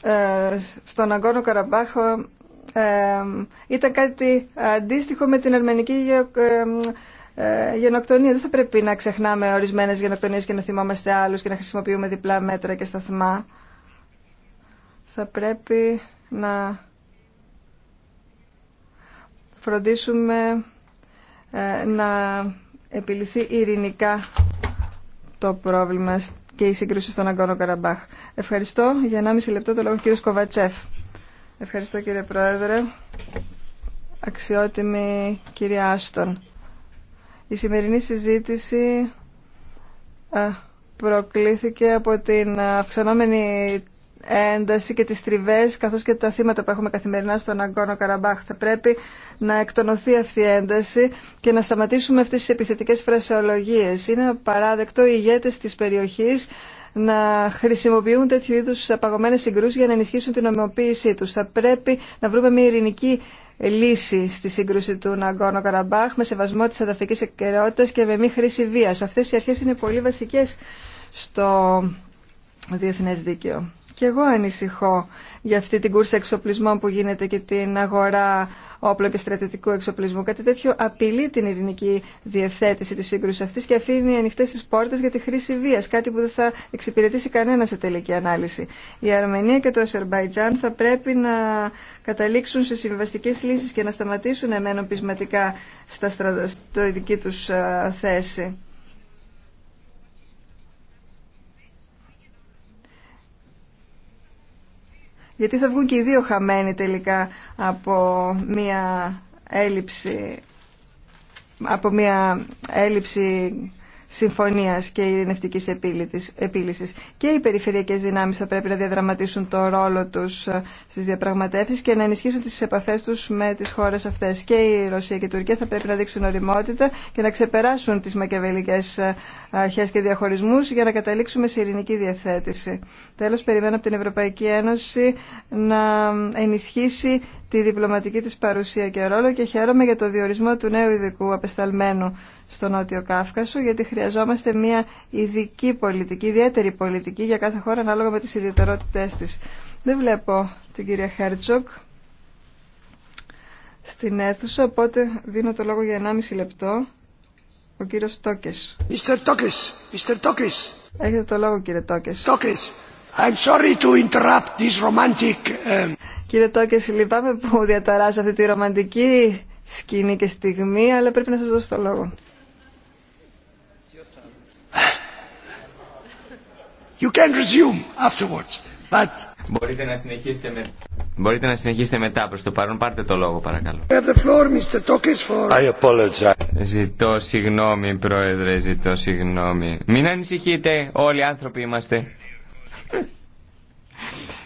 ε, στον Αγκόνο Καραμπάχο ε, ήταν κάτι αντίστοιχο με την αρμενική ε, γενοκτονία. Δεν θα πρέπει να ξεχνάμε ορισμένες γενοκτονίες και να θυμάμαστε άλλους και να χρησιμοποιούμε διπλά μέτρα και σταθμά. Θα πρέπει να φροντίσουμε να επιληθεί ειρηνικά το πρόβλημα και η σύγκρουση στον Αγκόνο Καραμπάχ. Ευχαριστώ. Για 1,5 λεπτό το λόγο κύριο Κοβατσέφ. Ευχαριστώ κύριε Πρόεδρε. Αξιότιμη κυρία Άστον. Η σημερινή συζήτηση προκλήθηκε από την αυξανόμενη ένταση και τις τριβές καθώς και τα θύματα που έχουμε καθημερινά στον Αγκόνο Καραμπάχ. Θα πρέπει να εκτονωθεί αυτή η ένταση και να σταματήσουμε αυτές τις επιθετικές φρασεολογίες. Είναι παράδεκτο οι ηγέτες της περιοχής να χρησιμοποιούν τέτοιου είδους απαγωμένες συγκρούσεις για να ενισχύσουν την ομοιοποίησή τους. Θα πρέπει να βρούμε μια ειρηνική λύση στη σύγκρουση του Ναγκόνο Καραμπάχ με σεβασμό της εδαφική εκκαιρεότητας και με μη χρήση βία. Αυτέ οι αρχέ είναι πολύ βασικέ στο διεθνέ δίκαιο. Και εγώ ανησυχώ για αυτή την κούρσα εξοπλισμών που γίνεται και την αγορά όπλων και στρατιωτικού εξοπλισμού. Κάτι τέτοιο απειλεί την ειρηνική διευθέτηση τη σύγκρουση αυτή και αφήνει ανοιχτέ τι πόρτε για τη χρήση βία. Κάτι που δεν θα εξυπηρετήσει κανένα σε τελική ανάλυση. Η Αρμενία και το Αζερβαϊτζάν θα πρέπει να καταλήξουν σε συμβαστικέ λύσει και να σταματήσουν εμένα πεισματικά στα στο δική του ε, θέση. γιατί θα βγουν και οι δύο χαμένοι τελικά από μια έλλειψη από μια έλλειψη συμφωνίας και ειρηνευτικής επίλυσης. Και οι περιφερειακές δυνάμεις θα πρέπει να διαδραματίσουν το ρόλο τους ε, στις διαπραγματεύσεις και να ενισχύσουν τις επαφές τους με τις χώρες αυτές. Και η Ρωσία και η Τουρκία θα πρέπει να δείξουν οριμότητα και να ξεπεράσουν τις μακεβελικές ε, αρχές και διαχωρισμούς για να καταλήξουμε σε ειρηνική διευθέτηση. Τέλος, περιμένω από την Ευρωπαϊκή Ένωση να ενισχύσει τη διπλωματική της παρουσία και ρόλο και χαίρομαι για το διορισμό του νέου ειδικού απεσταλμένου στο Νότιο Κάφκασο γιατί χρειαζόμαστε μια ειδική πολιτική, ιδιαίτερη πολιτική για κάθε χώρα ανάλογα με τις ιδιαιτερότητές της. Δεν βλέπω την κυρία Χέρτσοκ στην αίθουσα, οπότε δίνω το λόγο για 1,5 λεπτό ο κύριος Τόκες. Mr. Τόκες, Mr. Τόκες. Έχετε το λόγο κύριε Τόκες. Τόκες. I'm sorry um, Κύριε Τόκε, λυπάμαι που διαταράζω αυτή τη ρομαντική σκηνή και στιγμή, αλλά πρέπει να σας δώσω το λόγο. You can resume afterwards, but... Μπορείτε να συνεχίσετε μετά προς το παρόν. Πάρτε το λόγο παρακαλώ. floor, Ζητώ συγγνώμη, Πρόεδρε, ζητώ συγγνώμη. Μην ανησυχείτε, όλοι οι άνθρωποι είμαστε.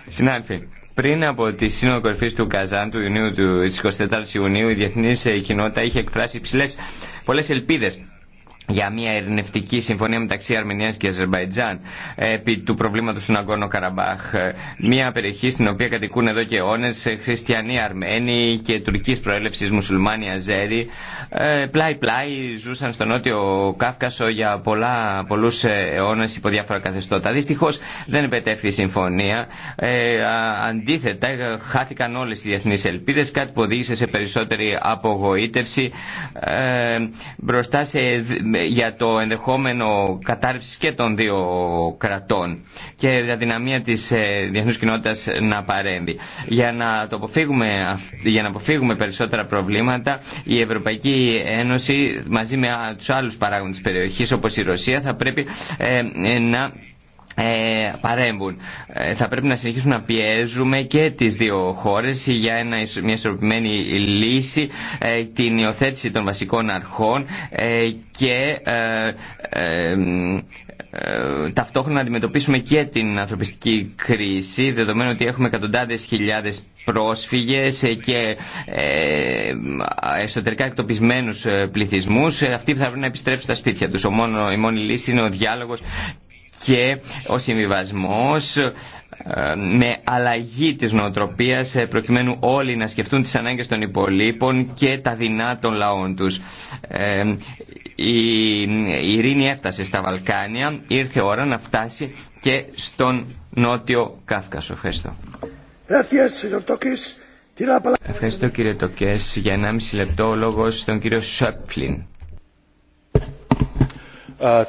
Συνάδελφοι, πριν από τη Σύνοδο Κορυφή του Καζάν του Ιουνίου, του 24 Ιουνίου, η διεθνή ε, κοινότητα είχε εκφράσει πολλέ ελπίδε για μια ειρηνευτική συμφωνία μεταξύ Αρμενίας και Αζερβαϊτζάν επί του προβλήματος του Ναγκόνο Καραμπάχ. Μια περιοχή στην οποία κατοικούν εδώ και αιώνες χριστιανοί Αρμένοι και τουρκικής προέλευσης μουσουλμάνοι Αζέρι. Ε, Πλάι-πλάι ζούσαν στο νότιο Κάφκασο για πολλά, πολλούς αιώνες υπό διάφορα καθεστώτα. Δυστυχώς δεν επετέφθη η συμφωνία. Ε, αντίθετα χάθηκαν όλες οι διεθνείς ελπίδες, κάτι που οδήγησε σε περισσότερη απογοήτευση ε, μπροστά σε για το ενδεχόμενο κατάρρευση και των δύο κρατών και την δυναμία της ε, διεθνούς κοινότητας να παρέμβει. Για να, το αποφύγουμε, για να αποφύγουμε περισσότερα προβλήματα, η Ευρωπαϊκή Ένωση μαζί με τους άλλους παράγοντες περιοχής όπως η Ρωσία θα πρέπει ε, ε, να ε, παρέμβουν. Ε, θα πρέπει να συνεχίσουμε να πιέζουμε και τις δύο χώρες για ένα, μια ισορροπημένη λύση, ε, την υιοθέτηση των βασικών αρχών και ταυτόχρονα να αντιμετωπίσουμε και την ανθρωπιστική κρίση, δεδομένου ότι έχουμε εκατοντάδες χιλιάδες πρόσφυγες και εσωτερικά εκτοπισμένους πληθυσμούς, αυτοί θα πρέπει να επιστρέψουν στα σπίτια τους. Ο η μόνη λύση είναι ο διάλογος και ο συμβιβασμό ε, με αλλαγή της νοοτροπίας ε, προκειμένου όλοι να σκεφτούν τις ανάγκες των υπολείπων και τα δεινά των λαών τους. Ε, η ειρήνη έφτασε στα Βαλκάνια, ήρθε ώρα να φτάσει και στον Νότιο Κάφκασο. Ευχαριστώ. Ευχαριστώ κύριε Τοκές. Για 1,5 λεπτό ο λόγος στον κύριο Σόπφλιν. Uh,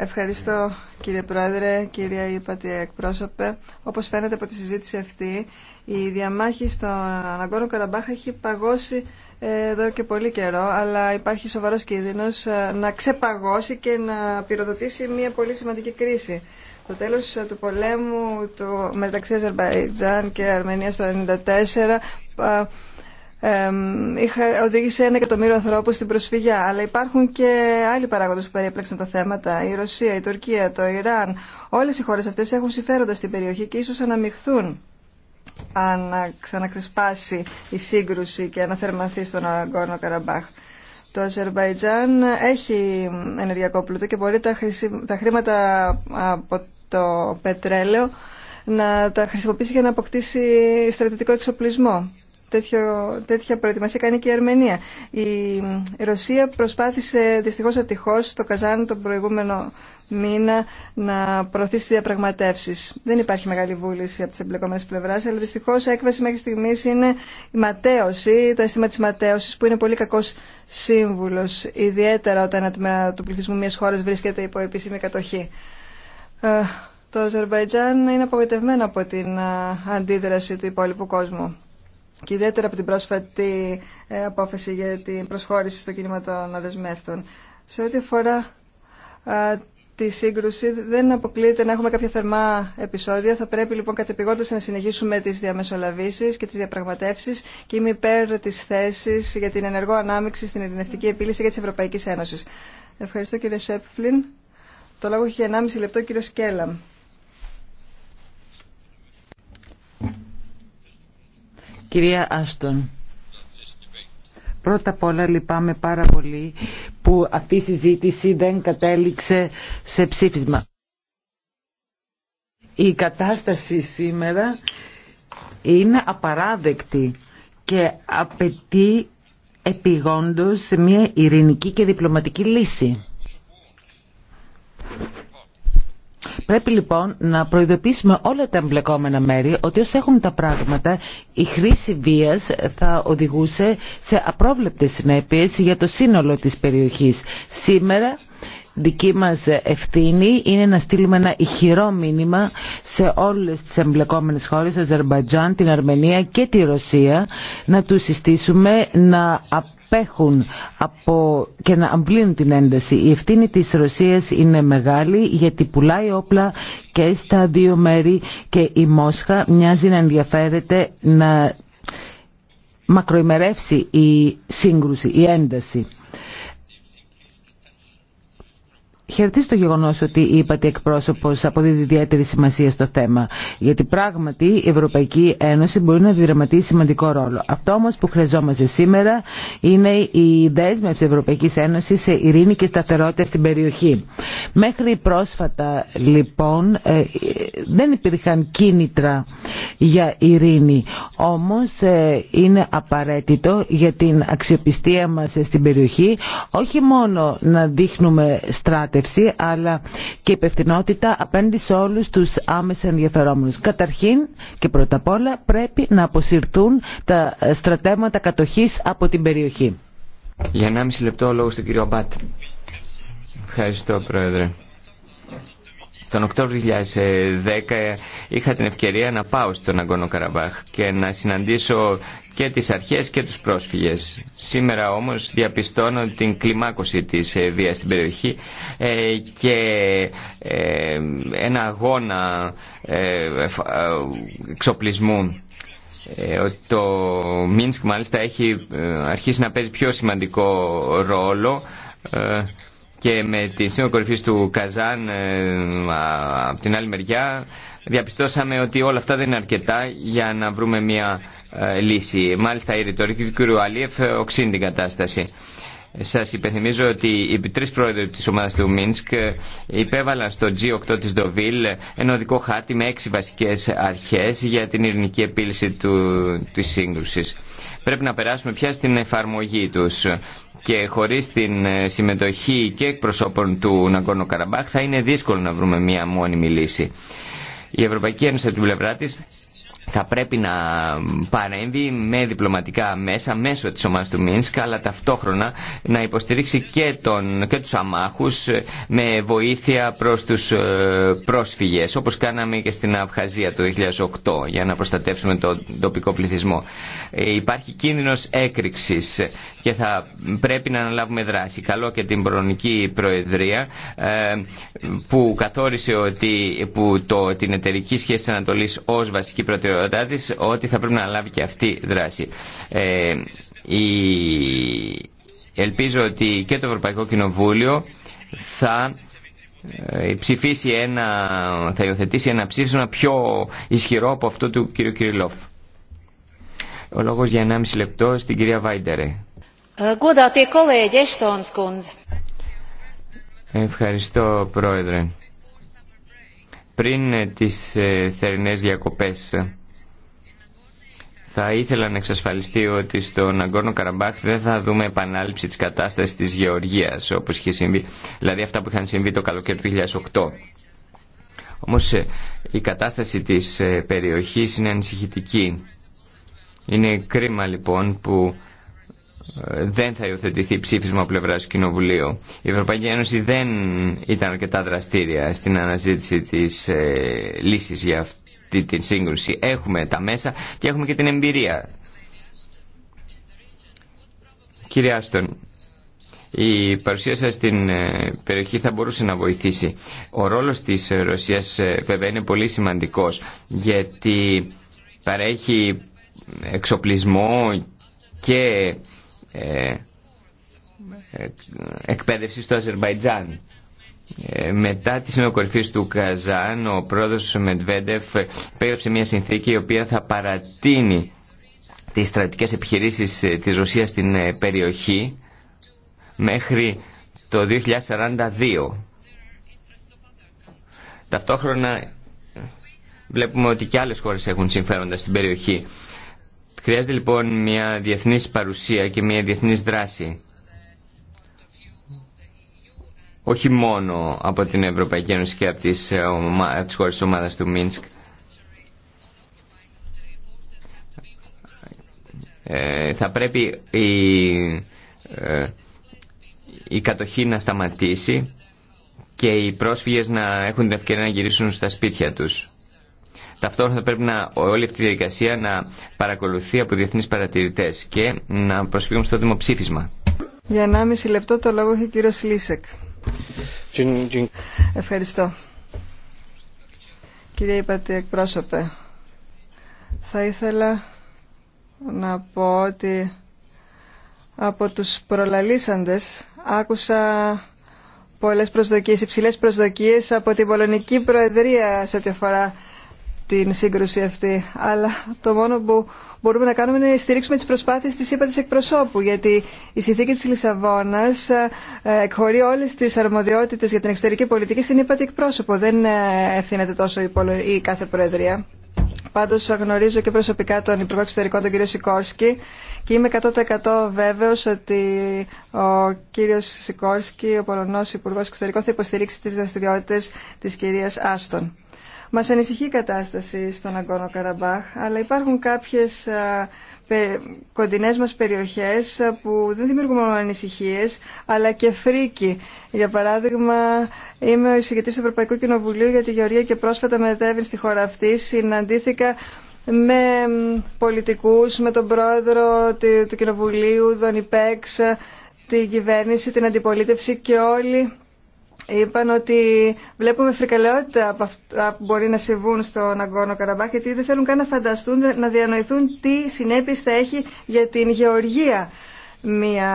Ευχαριστώ κύριε Πρόεδρε, κυρία Υπατή Εκπρόσωπε. Όπως φαίνεται από τη συζήτηση αυτή, η διαμάχη στον Αναγκόρο Καταμπάχα έχει παγώσει ε, εδώ και πολύ καιρό, αλλά υπάρχει σοβαρός κίνδυνος ε, να ξεπαγώσει και να πυροδοτήσει μια πολύ σημαντική κρίση. Το τέλος ε, του πολέμου του, μεταξύ Αζερβαϊτζάν και Αρμένια το 1994 οδήγησε ένα εκατομμύριο ανθρώπου στην προσφυγιά. Αλλά υπάρχουν και άλλοι παράγοντε που περιέπλεξαν τα θέματα. Η Ρωσία, η Τουρκία, το Ιράν. Όλε οι χώρε αυτέ έχουν συμφέροντα στην περιοχή και ίσω αναμειχθούν αν ξαναξεσπάσει η σύγκρουση και αναθερμανθεί στον Αγκόρνο Καραμπάχ. Το Αζερβαϊτζάν έχει ενεργειακό πλούτο και μπορεί τα χρήματα από το πετρέλαιο να τα χρησιμοποιήσει για να αποκτήσει στρατιωτικό εξοπλισμό τέτοιο, τέτοια προετοιμασία κάνει και η Αρμενία. Η Ρωσία προσπάθησε δυστυχώς ατυχώς στο Καζάν τον προηγούμενο μήνα να προωθήσει διαπραγματεύσει. Δεν υπάρχει μεγάλη βούληση από τι εμπλεκόμενε πλευρά, αλλά δυστυχώ έκβαση μέχρι στιγμή είναι η ματέωση, το αίσθημα τη ματέωση που είναι πολύ κακό σύμβουλο, ιδιαίτερα όταν ένα του πληθυσμού μια χώρα βρίσκεται υπό επίσημη κατοχή. Ε, το Αζερβαϊτζάν είναι απογοητευμένο από την ε, αντίδραση του υπόλοιπου κόσμου και ιδιαίτερα από την πρόσφατη ε, απόφαση για την προσχώρηση στο κίνημα των αδεσμεύτων. Σε ό,τι αφορά τη σύγκρουση δεν αποκλείεται να έχουμε κάποια θερμά επεισόδια. Θα πρέπει λοιπόν κατεπηγόντως να συνεχίσουμε τις διαμεσολαβήσεις και τις διαπραγματεύσεις και είμαι υπέρ της θέσης για την ενεργό ανάμειξη στην ειρηνευτική επίλυση για της Ευρωπαϊκής Ένωσης. Ευχαριστώ κύριε Σέπφλιν. Το λόγο έχει 1,5 λεπτό κύριο Σκέλαμ. Κυρία Άστον, πρώτα απ' όλα λυπάμαι πάρα πολύ που αυτή η συζήτηση δεν κατέληξε σε ψήφισμα. Η κατάσταση σήμερα είναι απαράδεκτη και απαιτεί επιγόντως μια ειρηνική και διπλωματική λύση. Πρέπει λοιπόν να προειδοποιήσουμε όλα τα εμπλεκόμενα μέρη ότι ως έχουν τα πράγματα η χρήση βίας θα οδηγούσε σε απρόβλεπτες συνέπειες για το σύνολο της περιοχής. Σήμερα δική μας ευθύνη είναι να στείλουμε ένα ηχηρό μήνυμα σε όλες τις εμπλεκόμενες χώρες, Αζερμπαϊτζάν, την Αρμενία και τη Ρωσία, να τους συστήσουμε να απέχουν από και να αμπλύνουν την ένταση. Η ευθύνη της Ρωσίας είναι μεγάλη γιατί πουλάει όπλα και στα δύο μέρη και η Μόσχα μοιάζει να ενδιαφέρεται να μακροημερεύσει η σύγκρουση, η ένταση. Χαιρετίζω το γεγονό ότι είπατε εκπρόσωπο αποδίδει ιδιαίτερη σημασία στο θέμα. Γιατί πράγματι η Ευρωπαϊκή Ένωση μπορεί να διδραματίσει σημαντικό ρόλο. Αυτό όμω που χρειαζόμαστε σήμερα είναι η δέσμευση Ευρωπαϊκή Ένωση σε ειρήνη και σταθερότητα στην περιοχή. Μέχρι πρόσφατα λοιπόν ε, δεν υπήρχαν κίνητρα για ειρήνη. Όμω ε, είναι απαραίτητο για την αξιοπιστία μα στην περιοχή όχι μόνο να δείχνουμε στράτε αλλά και υπευθυνότητα απέναντι σε όλους τους άμεσα ενδιαφερόμενους. Καταρχήν και πρώτα απ' όλα πρέπει να αποσυρθούν τα στρατεύματα κατοχής από την περιοχή. Για 1,5 λεπτό λόγο στον κύριο Μπάτ. Ευχαριστώ πρόεδρε. Τον Οκτώβριο 2010 είχα την ευκαιρία να πάω στον Αγκόνο Καραμπάχ και να συναντήσω και τις αρχές και τους πρόσφυγες. Σήμερα όμως διαπιστώνω την κλιμάκωση της ε, βία στην περιοχή ε, και ε, ένα αγώνα εξοπλισμού το Μίνσκ μάλιστα έχει αρχίσει να παίζει πιο σημαντικό ρόλο και με τη σύνολο κορυφή του Καζάν ε, από την άλλη μεριά διαπιστώσαμε ότι όλα αυτά δεν είναι αρκετά για να βρούμε μια ε, λύση. Μάλιστα η ρητορική του κ. Αλίεφ ε, οξύνει την κατάσταση. Σας υπενθυμίζω ότι οι τρεις πρόεδροι της ομάδας του Μίνσκ υπέβαλαν στο G8 της Ντοβίλ ένα οδικό χάρτη με έξι βασικές αρχές για την ειρηνική επίλυση του, της σύγκρουσης πρέπει να περάσουμε πια στην εφαρμογή τους και χωρίς την ε, συμμετοχή και εκπροσώπων του Ναγκόνο Καραμπάχ θα είναι δύσκολο να βρούμε μια μόνιμη λύση. Η Ευρωπαϊκή Ένωση από την πλευρά της θα πρέπει να παρέμβει με διπλωματικά μέσα μέσω της ομάδας του Μίνσκ αλλά ταυτόχρονα να υποστηρίξει και, τον, και τους αμάχους με βοήθεια προς τους ε, πρόσφυγες όπως κάναμε και στην Αυχαζία το 2008 για να προστατεύσουμε τον τοπικό πληθυσμό. Ε, υπάρχει κίνδυνος έκρηξης και θα πρέπει να αναλάβουμε δράση. Καλό και την Προνική Προεδρία ε, που καθόρισε ότι, που το, την εταιρική σχέση της Ανατολής ως βασική προτεραιότητα ότι θα πρέπει να λάβει και αυτή δράση. Ε, η... Ελπίζω ότι και το Ευρωπαϊκό Κοινοβούλιο θα ε, ψηφίσει ένα, θα υιοθετήσει ένα ψήφισμα πιο ισχυρό από αυτό του κ. Κυριλόφ. Ο λόγος για 1,5 λεπτό στην κυρία Βάιντερε. Ε, Ευχαριστώ πρόεδρε. Πριν τις θερινές διακοπές θα ήθελα να εξασφαλιστεί ότι στον Αγκόρνο Καραμπάχ δεν θα δούμε επανάληψη της κατάστασης της γεωργίας όπως είχε συμβεί, δηλαδή αυτά που είχαν συμβεί το καλοκαίρι του 2008. Όμως ε, η κατάσταση της ε, περιοχής είναι ανησυχητική. Είναι κρίμα λοιπόν που ε, δεν θα υιοθετηθεί ψήφισμα πλευρά του Κοινοβουλίου. Η Ευρωπαϊκή Ένωση δεν ήταν αρκετά δραστήρια στην αναζήτηση της λύσης για αυτό αυτή τη σύγκρουση. Έχουμε τα μέσα και έχουμε και την εμπειρία. Κύριε Άστον, η παρουσία σας στην ε, περιοχή θα μπορούσε να βοηθήσει. Ο ρόλος της Ρωσίας ε, βέβαια είναι πολύ σημαντικός γιατί παρέχει εξοπλισμό και ε, εκπαίδευση στο Αζερβαϊτζάν. Ε, μετά τη συνοκορυφή του Καζάν, ο πρόεδρος Μετβέντεφ πέγραψε μια συνθήκη η οποία θα παρατείνει τις στρατικές επιχειρήσεις ε, της Ρωσίας στην ε, περιοχή μέχρι το 2042. Ταυτόχρονα βλέπουμε ότι και άλλες χώρες έχουν συμφέροντα στην περιοχή. Χρειάζεται λοιπόν μια διεθνής παρουσία και μια διεθνής δράση όχι μόνο από την Ευρωπαϊκή Ένωση και από τις, ε, τις χώρες της ομάδας του Μίνσκ. Ε, θα πρέπει η, ε, η κατοχή να σταματήσει και οι πρόσφυγες να έχουν την ευκαιρία να γυρίσουν στα σπίτια τους. Ταυτόχρονα θα πρέπει να, όλη αυτή η διαδικασία να παρακολουθεί από διεθνείς παρατηρητές και να προσφύγουμε στο δημοψήφισμα. Για 1,5 λεπτό το λόγο έχει ο κύριος Λίσεκ. Ευχαριστώ. Κύριε Υπατή, εκπρόσωπε, θα ήθελα να πω ότι από τους προλαλήσαντες άκουσα πολλές προσδοκίες, υψηλές προσδοκίες από την Πολωνική Προεδρία σε ό,τι αφορά την σύγκρουση αυτή. Αλλά το μόνο που μπορούμε να κάνουμε είναι να στηρίξουμε τις προσπάθειες της ΥΠΑ εκπροσώπου, γιατί η συνθήκη της Λισαβόνας ε, εκχωρεί όλες τις αρμοδιότητες για την εξωτερική πολιτική στην ΥΠΑ εκπρόσωπο. Δεν ε, ευθύνεται τόσο η κάθε Προεδρία. Πάντω γνωρίζω και προσωπικά τον Υπουργό Εξωτερικών, τον κύριο Σικόρσκι, και είμαι 100% βέβαιο ότι ο κύριο Σικόρσκι, ο Πολωνό Υπουργό Εξωτερικών, θα υποστηρίξει τι δραστηριότητε τη κυρία Άστον μα ανησυχεί η κατάσταση στον Αγκόνο Καραμπάχ, αλλά υπάρχουν κάποιες κοντινέ μας περιοχές που δεν δημιουργούν μόνο ανησυχίε, αλλά και φρίκη. Για παράδειγμα, είμαι ο εισηγητή του Ευρωπαϊκού Κοινοβουλίου για τη Γεωργία και πρόσφατα μετέβη στη χώρα αυτή. Συναντήθηκα με πολιτικούς, με τον πρόεδρο του Κοινοβουλίου, τον ΙΠΕΞ, την κυβέρνηση, την αντιπολίτευση και όλοι είπαν ότι βλέπουμε φρικαλαιότητα από αυτά που μπορεί να συμβούν στον Αγκόνο Καραμπάχ γιατί δεν θέλουν καν να φανταστούν, να διανοηθούν τι συνέπειες θα έχει για την γεωργία μια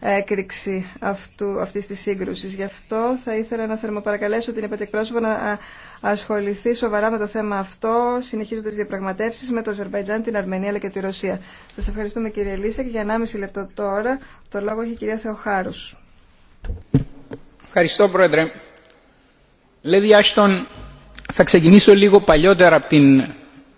έκρηξη αυτού, αυτής της σύγκρουσης. Γι' αυτό θα ήθελα να θερμοπαρακαλέσω την επατεκπρόσωπο να ασχοληθεί σοβαρά με το θέμα αυτό, συνεχίζοντας διαπραγματεύσεις με το Αζερβαϊτζάν, την Αρμενία αλλά και τη Ρωσία. Σας ευχαριστούμε κύριε Λίσσα και για 1,5 λεπτό τώρα το λόγο έχει η κυρία Θεοχάρους. Ευχαριστώ, Πρόεδρε. Λέδη Άστον, θα ξεκινήσω λίγο παλιότερα από την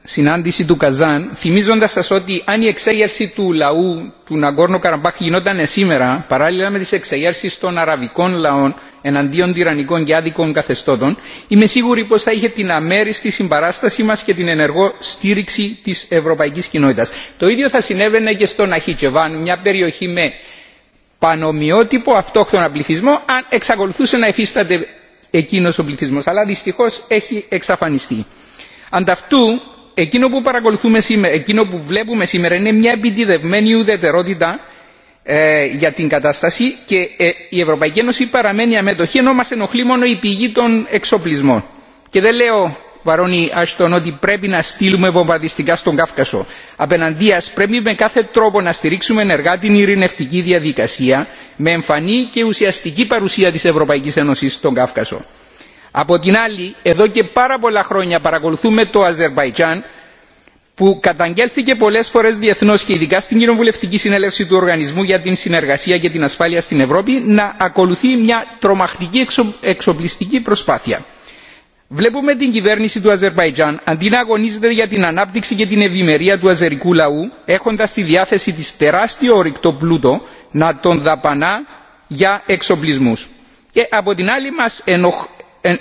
συνάντηση του Καζάν, θυμίζοντας σας ότι αν η εξέγερση του λαού του Ναγκόρνο Καραμπάχ γινόταν σήμερα, παράλληλα με τις εξεγέρσεις των αραβικών λαών εναντίον τυραννικών και άδικων καθεστώτων, είμαι σίγουρη πως θα είχε την αμέριστη συμπαράσταση μας και την ενεργό στήριξη της ευρωπαϊκής κοινότητας. Το ίδιο θα συνέβαινε και στο Ναχίτσεβάν, μια περιοχή με πανομοιότυπο αυτόχθονα πληθυσμό αν εξακολουθούσε να υφίσταται εκείνος ο πληθυσμός. Αλλά δυστυχώς έχει εξαφανιστεί. Ανταυτού εκείνο που παρακολουθούμε σήμερα, εκείνο που βλέπουμε σήμερα είναι μια επιδιδευμένη ουδετερότητα ε, για την κατάσταση και ε, η Ευρωπαϊκή Ένωση παραμένει αμέτωχη ενώ μας ενοχλεί μόνο η πηγή των εξοπλισμών. Και δεν λέω βαρώνει Άστον ότι πρέπει να στείλουμε βομβαρδιστικά στον Κάφκασο. Απέναντία πρέπει με κάθε τρόπο να στηρίξουμε ενεργά την ειρηνευτική διαδικασία με εμφανή και ουσιαστική παρουσία της Ευρωπαϊκής Ένωσης στον Κάφκασο. Από την άλλη, εδώ και πάρα πολλά χρόνια παρακολουθούμε το Αζερβαϊτζάν που καταγγέλθηκε πολλέ φορέ διεθνώ και ειδικά στην κοινοβουλευτική συνέλευση του Οργανισμού για την Συνεργασία και την Ασφάλεια στην Ευρώπη να ακολουθεί μια τρομακτική εξοπλιστική προσπάθεια βλέπουμε την κυβέρνηση του αζερβαϊτζάν αντί να αγωνίζεται για την ανάπτυξη και την ευημερία του αζερικού λαού έχοντα στη διάθεση τη τεράστιο ορυκτό πλούτο να τον δαπανά για εξοπλισμού. Και από την άλλη μα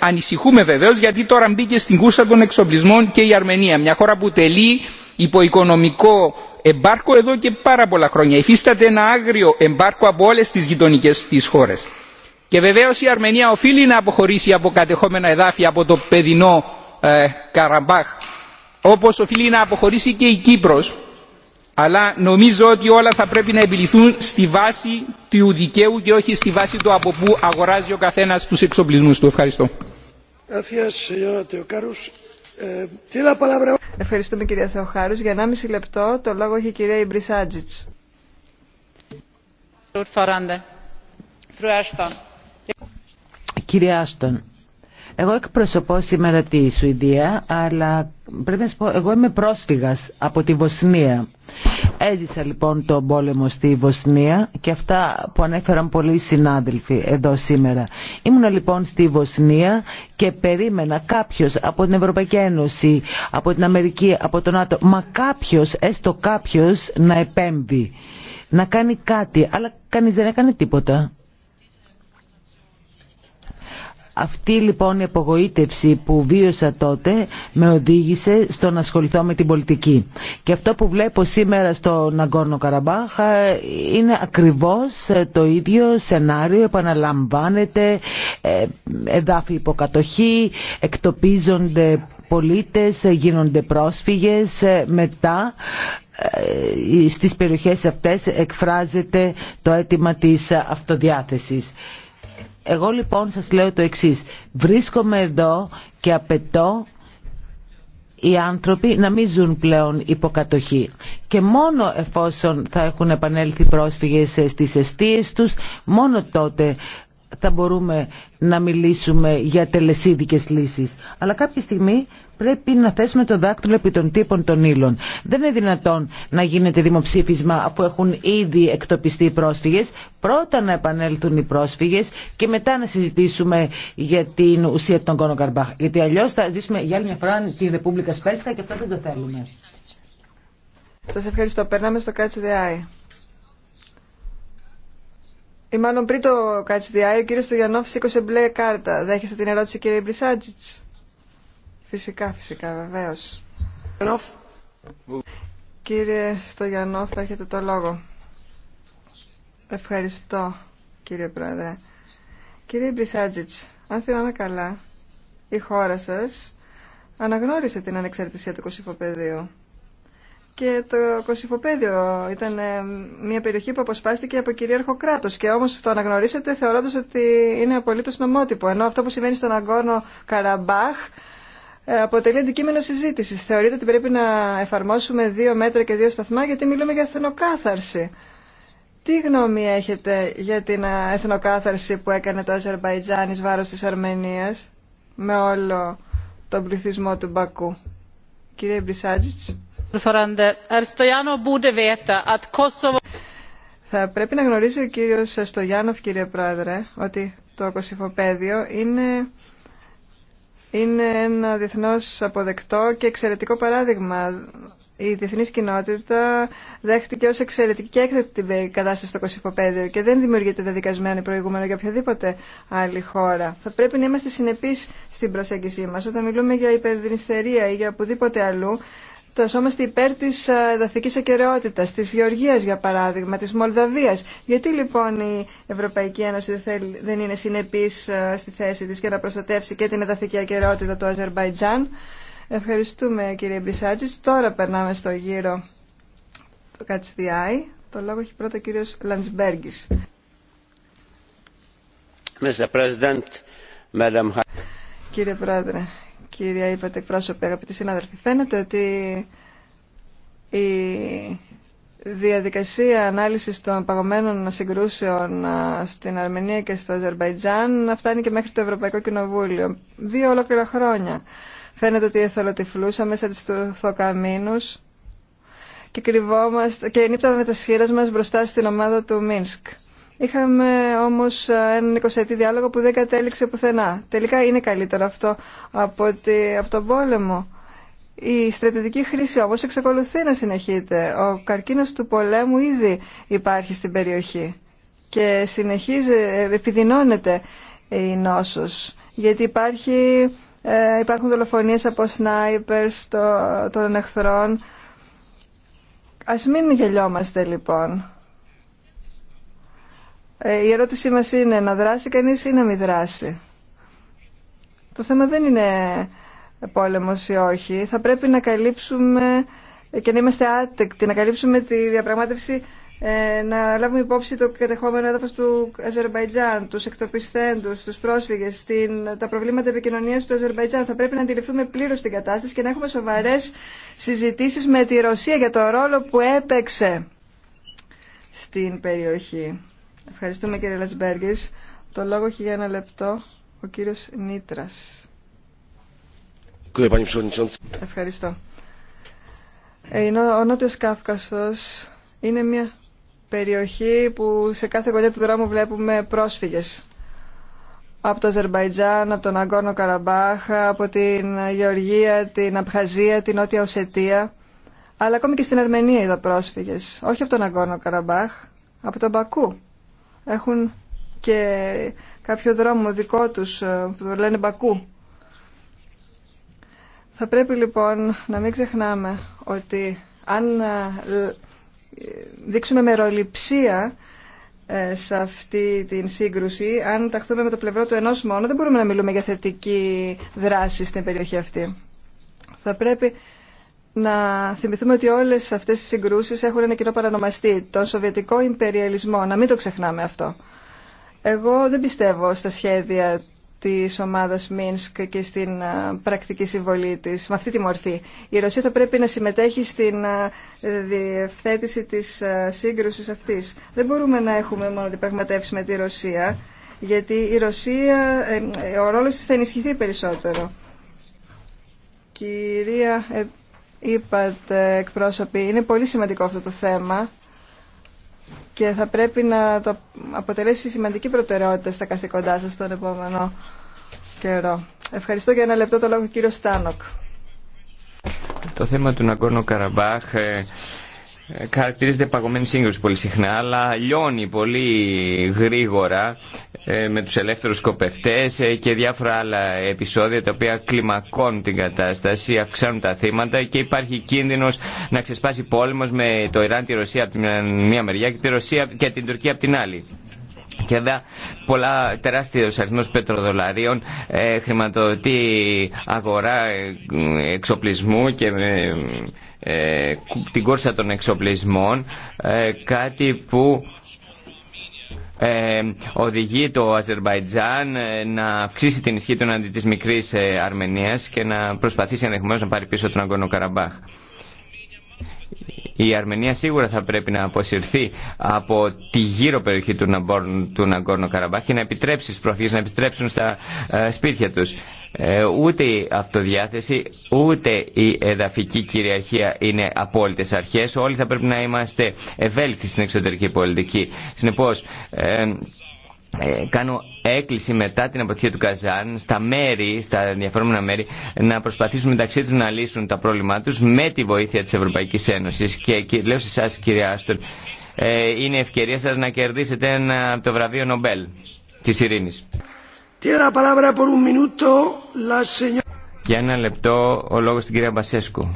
ανησυχούμε βεβαίω, γιατί τώρα μπήκε στην κούρσα των εξοπλισμών και η Αρμενία, μια χώρα που τελεί υπό οικονομικό εμπάρκο εδώ και πάρα πολλά χρόνια. Υφίσταται ένα άγριο εμπάρκο από όλε τι γειτονικέ τη χώρε και βεβαίω η αρμενία οφείλει να αποχωρήσει από κατεχόμενα εδάφη από το παιδινό ε, καραμπάχ όπω οφείλει να αποχωρήσει και η κύπρο, αλλά νομίζω ότι όλα θα πρέπει να επιληθούν στη βάση του δικαίου και όχι στη βάση του από που αγοράζει ο καθένα του εξοπλισμού. του. Ευχαριστώ. Ε, Ευχαριστούμε κυρία Θεοχάρου, Για 1,5 λεπτό το λόγο έχει η κυρία Ευχαριστώ. Κυρία Άστον, εγώ εκπροσωπώ σήμερα τη Σουηδία, αλλά πρέπει να σας πω, εγώ είμαι πρόσφυγας από τη Βοσνία. Έζησα λοιπόν τον πόλεμο στη Βοσνία και αυτά που ανέφεραν πολλοί συνάδελφοι εδώ σήμερα. Ήμουνα λοιπόν στη Βοσνία και περίμενα κάποιος από την Ευρωπαϊκή Ένωση, από την Αμερική, από τον Άτομο μα κάποιος, έστω κάποιος, να επέμβει, να κάνει κάτι, αλλά κανείς δεν έκανε τίποτα. Αυτή λοιπόν η απογοήτευση που βίωσα τότε με οδήγησε στο να ασχοληθώ με την πολιτική. Και αυτό που βλέπω σήμερα στο Ναγκόρνο Καραμπάχα είναι ακριβώς ε, το ίδιο σενάριο, επαναλαμβάνεται, ε, εδάφη υποκατοχή, εκτοπίζονται πολίτες, ε, γίνονται πρόσφυγες, μετά στις περιοχές αυτές εκφράζεται το αίτημα της αυτοδιάθεσης. Εγώ λοιπόν σας λέω το εξής. Βρίσκομαι εδώ και απαιτώ οι άνθρωποι να μην ζουν πλέον υποκατοχή. Και μόνο εφόσον θα έχουν επανέλθει πρόσφυγες στις αιστείες τους, μόνο τότε θα μπορούμε να μιλήσουμε για τελεσίδικες λύσεις. Αλλά κάποια στιγμή πρέπει να θέσουμε το δάκτυλο επί των τύπων των ύλων. Δεν είναι δυνατόν να γίνεται δημοψήφισμα αφού έχουν ήδη εκτοπιστεί οι πρόσφυγες. Πρώτα να επανέλθουν οι πρόσφυγες και μετά να συζητήσουμε για την ουσία των Κόνο Γιατί αλλιώς θα ζήσουμε για άλλη μια φορά τη Ρεπούμπλικα Σπέρσκα και αυτό δεν το θέλουμε. Σας ευχαριστώ. Περνάμε στο Κάτσι ή ε, μάλλον πριν το ΚΑΤΣΔΙ, ο κύριο Στογιανόφ σήκωσε μπλε κάρτα. Δέχεστε την ερώτηση, κύριε Μπρισάτζιτ. Φυσικά, φυσικά, βεβαίω. Κύριε Στογιανόφ, έχετε το λόγο. Ευχαριστώ, κύριε Πρόεδρε. Κύριε Μπρισάτζιτ, αν θυμάμαι καλά, η χώρα σα αναγνώρισε την ανεξαρτησία του Κωσυφοπεδίου και το Κωσυφοπαίδιο ήταν ε, μια περιοχή που αποσπάστηκε από κυρίαρχο κράτο. και όμω το αναγνωρίσατε θεωρώντα ότι είναι απολύτω νομότυπο ενώ αυτό που συμβαίνει στον αγώνο Καραμπάχ ε, αποτελεί αντικείμενο συζήτηση. Θεωρείτε ότι πρέπει να εφαρμόσουμε δύο μέτρα και δύο σταθμά γιατί μιλούμε για εθνοκάθαρση. Τι γνώμη έχετε για την ε, εθνοκάθαρση που έκανε το Αζερβαϊτζάν εις βάρος της Αρμενίας με όλο τον πληθυσμό του Μπακού. Κύριε Μπρισάτζιτς. Θα πρέπει να γνωρίζει ο κύριος Στογιάνοφ, κύριε Πρόεδρε, ότι το κοσυφοπαίδιο είναι, είναι ένα διεθνώς αποδεκτό και εξαιρετικό παράδειγμα. Η διεθνή κοινότητα δέχτηκε ως εξαιρετική και έκθετη την κατάσταση στο κοσυφοπαίδιο και δεν δημιουργείται δεδικασμένη προηγούμενο για οποιαδήποτε άλλη χώρα. Θα πρέπει να είμαστε συνεπείς στην προσέγγιση μας. Όταν μιλούμε για υπερδυνιστερία ή για οπουδήποτε αλλού, τασόμαστε υπέρ τη ε, εδαφική ακαιρεότητας, της Γεωργίας για παράδειγμα, της Μολδαβίας. Γιατί λοιπόν η Ευρωπαϊκή Ένωση δεν είναι συνεπής ε, στη θέση της και να προστατεύσει και την εδαφική ακαιρεότητα του Αζερβαϊτζάν. Ευχαριστούμε κύριε Μπισάτζη. Τώρα περνάμε στο γύρο του Κατσδιάη. Το λόγο έχει πρώτα ο κύριο Λαντσμπέργκη. Κύριε Πρόεδρε, κυρία είπατε εκπρόσωπη, αγαπητοί συνάδελφοι. Φαίνεται ότι η διαδικασία ανάλυσης των παγωμένων συγκρούσεων στην Αρμενία και στο Αζερβαϊτζάν φτάνει και μέχρι το Ευρωπαϊκό Κοινοβούλιο. Δύο ολόκληρα χρόνια. Φαίνεται ότι εθελοτυφλούσαμε μέσα τις τουρθοκαμίνους και κρυβόμαστε και με τα σχήρας μας μπροστά στην ομάδα του Μίνσκ. Είχαμε όμω έναν 20 διάλογο που δεν κατέληξε πουθενά. Τελικά είναι καλύτερο αυτό από, από τον πόλεμο. Η στρατιωτική χρήση όμως εξακολουθεί να συνεχίζεται. Ο καρκίνος του πολέμου ήδη υπάρχει στην περιοχή και συνεχίζει, επιδεινώνεται η νόσος γιατί υπάρχει, ε, υπάρχουν δολοφονίες από σνάιπερς των εχθρών. Ας μην γελιόμαστε λοιπόν. Ε, η ερώτησή μας είναι να δράσει κανείς ή να μην δράσει. Το θέμα δεν είναι πόλεμος ή όχι. Θα πρέπει να καλύψουμε και να είμαστε άτεκτοι, να καλύψουμε τη διαπραγμάτευση ε, να λάβουμε υπόψη το κατεχόμενο έδαφος του Αζερβαϊτζάν, τους εκτοπιστέντους, τους πρόσφυγες, στην, τα προβλήματα επικοινωνίας του Αζερβαϊτζάν. Θα πρέπει να αντιληφθούμε πλήρως την κατάσταση και να έχουμε σοβαρές συζητήσεις με τη Ρωσία για το ρόλο που έπαιξε στην περιοχή. Ευχαριστούμε κύριε Λασμπέργης. Το λόγο έχει για ένα λεπτό ο κύριος Νίτρας. Ευχαριστώ. Ε, ο Νότιος Κάφκασος είναι μια περιοχή που σε κάθε γωνιά του δρόμου βλέπουμε πρόσφυγες. Από το Αζερμπαϊτζάν, από τον Αγκόρνο Καραμπάχ, από την Γεωργία, την Απχαζία, την Νότια Οσετία. Αλλά ακόμη και στην Αρμενία είδα πρόσφυγες. Όχι από τον Αγκόρνο Καραμπάχ, από τον Μπακού έχουν και κάποιο δρόμο δικό τους ε, που το λένε Μπακού. Θα πρέπει λοιπόν να μην ξεχνάμε ότι αν ε, ε, δείξουμε μεροληψία σε αυτή την σύγκρουση, αν ταχθούμε με το πλευρό του ενός μόνο, δεν μπορούμε να μιλούμε για θετική δράση στην περιοχή αυτή. Θα πρέπει να θυμηθούμε ότι όλες αυτές οι συγκρούσεις έχουν ένα κοινό παρανομαστή, τον σοβιετικό υπεριαλισμό. Να μην το ξεχνάμε αυτό. Εγώ δεν πιστεύω στα σχέδια της ομάδας Μίνσκ και στην πρακτική συμβολή της με αυτή τη μορφή. Η Ρωσία θα πρέπει να συμμετέχει στην διευθέτηση τη σύγκρουση αυτή. Δεν μπορούμε να έχουμε μόνο πραγματεύση με τη Ρωσία, γιατί η Ρωσία, ε, ε, ο ρόλο τη θα ενισχυθεί περισσότερο. Κυρία ε, είπατε εκπρόσωποι, είναι πολύ σημαντικό αυτό το θέμα και θα πρέπει να το αποτελέσει σημαντική προτεραιότητα στα καθήκοντά σας τον επόμενο καιρό. Ευχαριστώ για ένα λεπτό το λόγο κύριο Στάνοκ. Το θέμα του Ναγκόρνο Καραμπάχ ε, χαρακτηρίζεται παγωμένη σύγκρουση πολύ συχνά, αλλά λιώνει πολύ γρήγορα ε, με τους ελεύθερους σκοπευτές ε, και διάφορα άλλα επεισόδια τα οποία κλιμακώνουν την κατάσταση, αυξάνουν τα θύματα και υπάρχει κίνδυνος να ξεσπάσει πόλεμος με το Ιράν, τη Ρωσία από την μία μεριά και, τη Ρωσία, και την Τουρκία από την άλλη. Και βέβαια πολλά τεράστιο αριθμό πετροδολαρίων ε, χρηματοδοτεί αγορά ε, εξοπλισμού και ε, την κόρσα των εξοπλισμών κάτι που οδηγεί το Αζερβαϊτζάν να αυξήσει την ισχύ του αντί της μικρής Αρμενίας και να προσπαθήσει ενδεχομένως να πάρει πίσω τον Αγκόνο Καραμπάχ. Η Αρμενία σίγουρα θα πρέπει να αποσυρθεί από τη γύρω περιοχή του, Ναμπόρν, του Ναγκόρνο Καραμπάχ και να επιτρέψει στους προφύγες να επιστρέψουν στα ε, σπίτια τους. Ε, ούτε η αυτοδιάθεση, ούτε η εδαφική κυριαρχία είναι απόλυτες αρχές. Όλοι θα πρέπει να είμαστε ευέλικτοι στην εξωτερική πολιτική. Συνεπώς, ε, ε, κάνω έκκληση μετά την αποτυχία του Καζάν στα μέρη, στα ενδιαφέρομενα μέρη, να προσπαθήσουν μεταξύ του να λύσουν τα πρόβλημά τους με τη βοήθεια της Ευρωπαϊκής Ένωσης. Και, και λέω σε εσάς κύριε Άστον, ε, είναι ευκαιρία σας να κερδίσετε ένα, το βραβείο Νομπέλ της Ειρήνης. Για ένα λεπτό ο λόγος στην κυρία Μπασέσκου.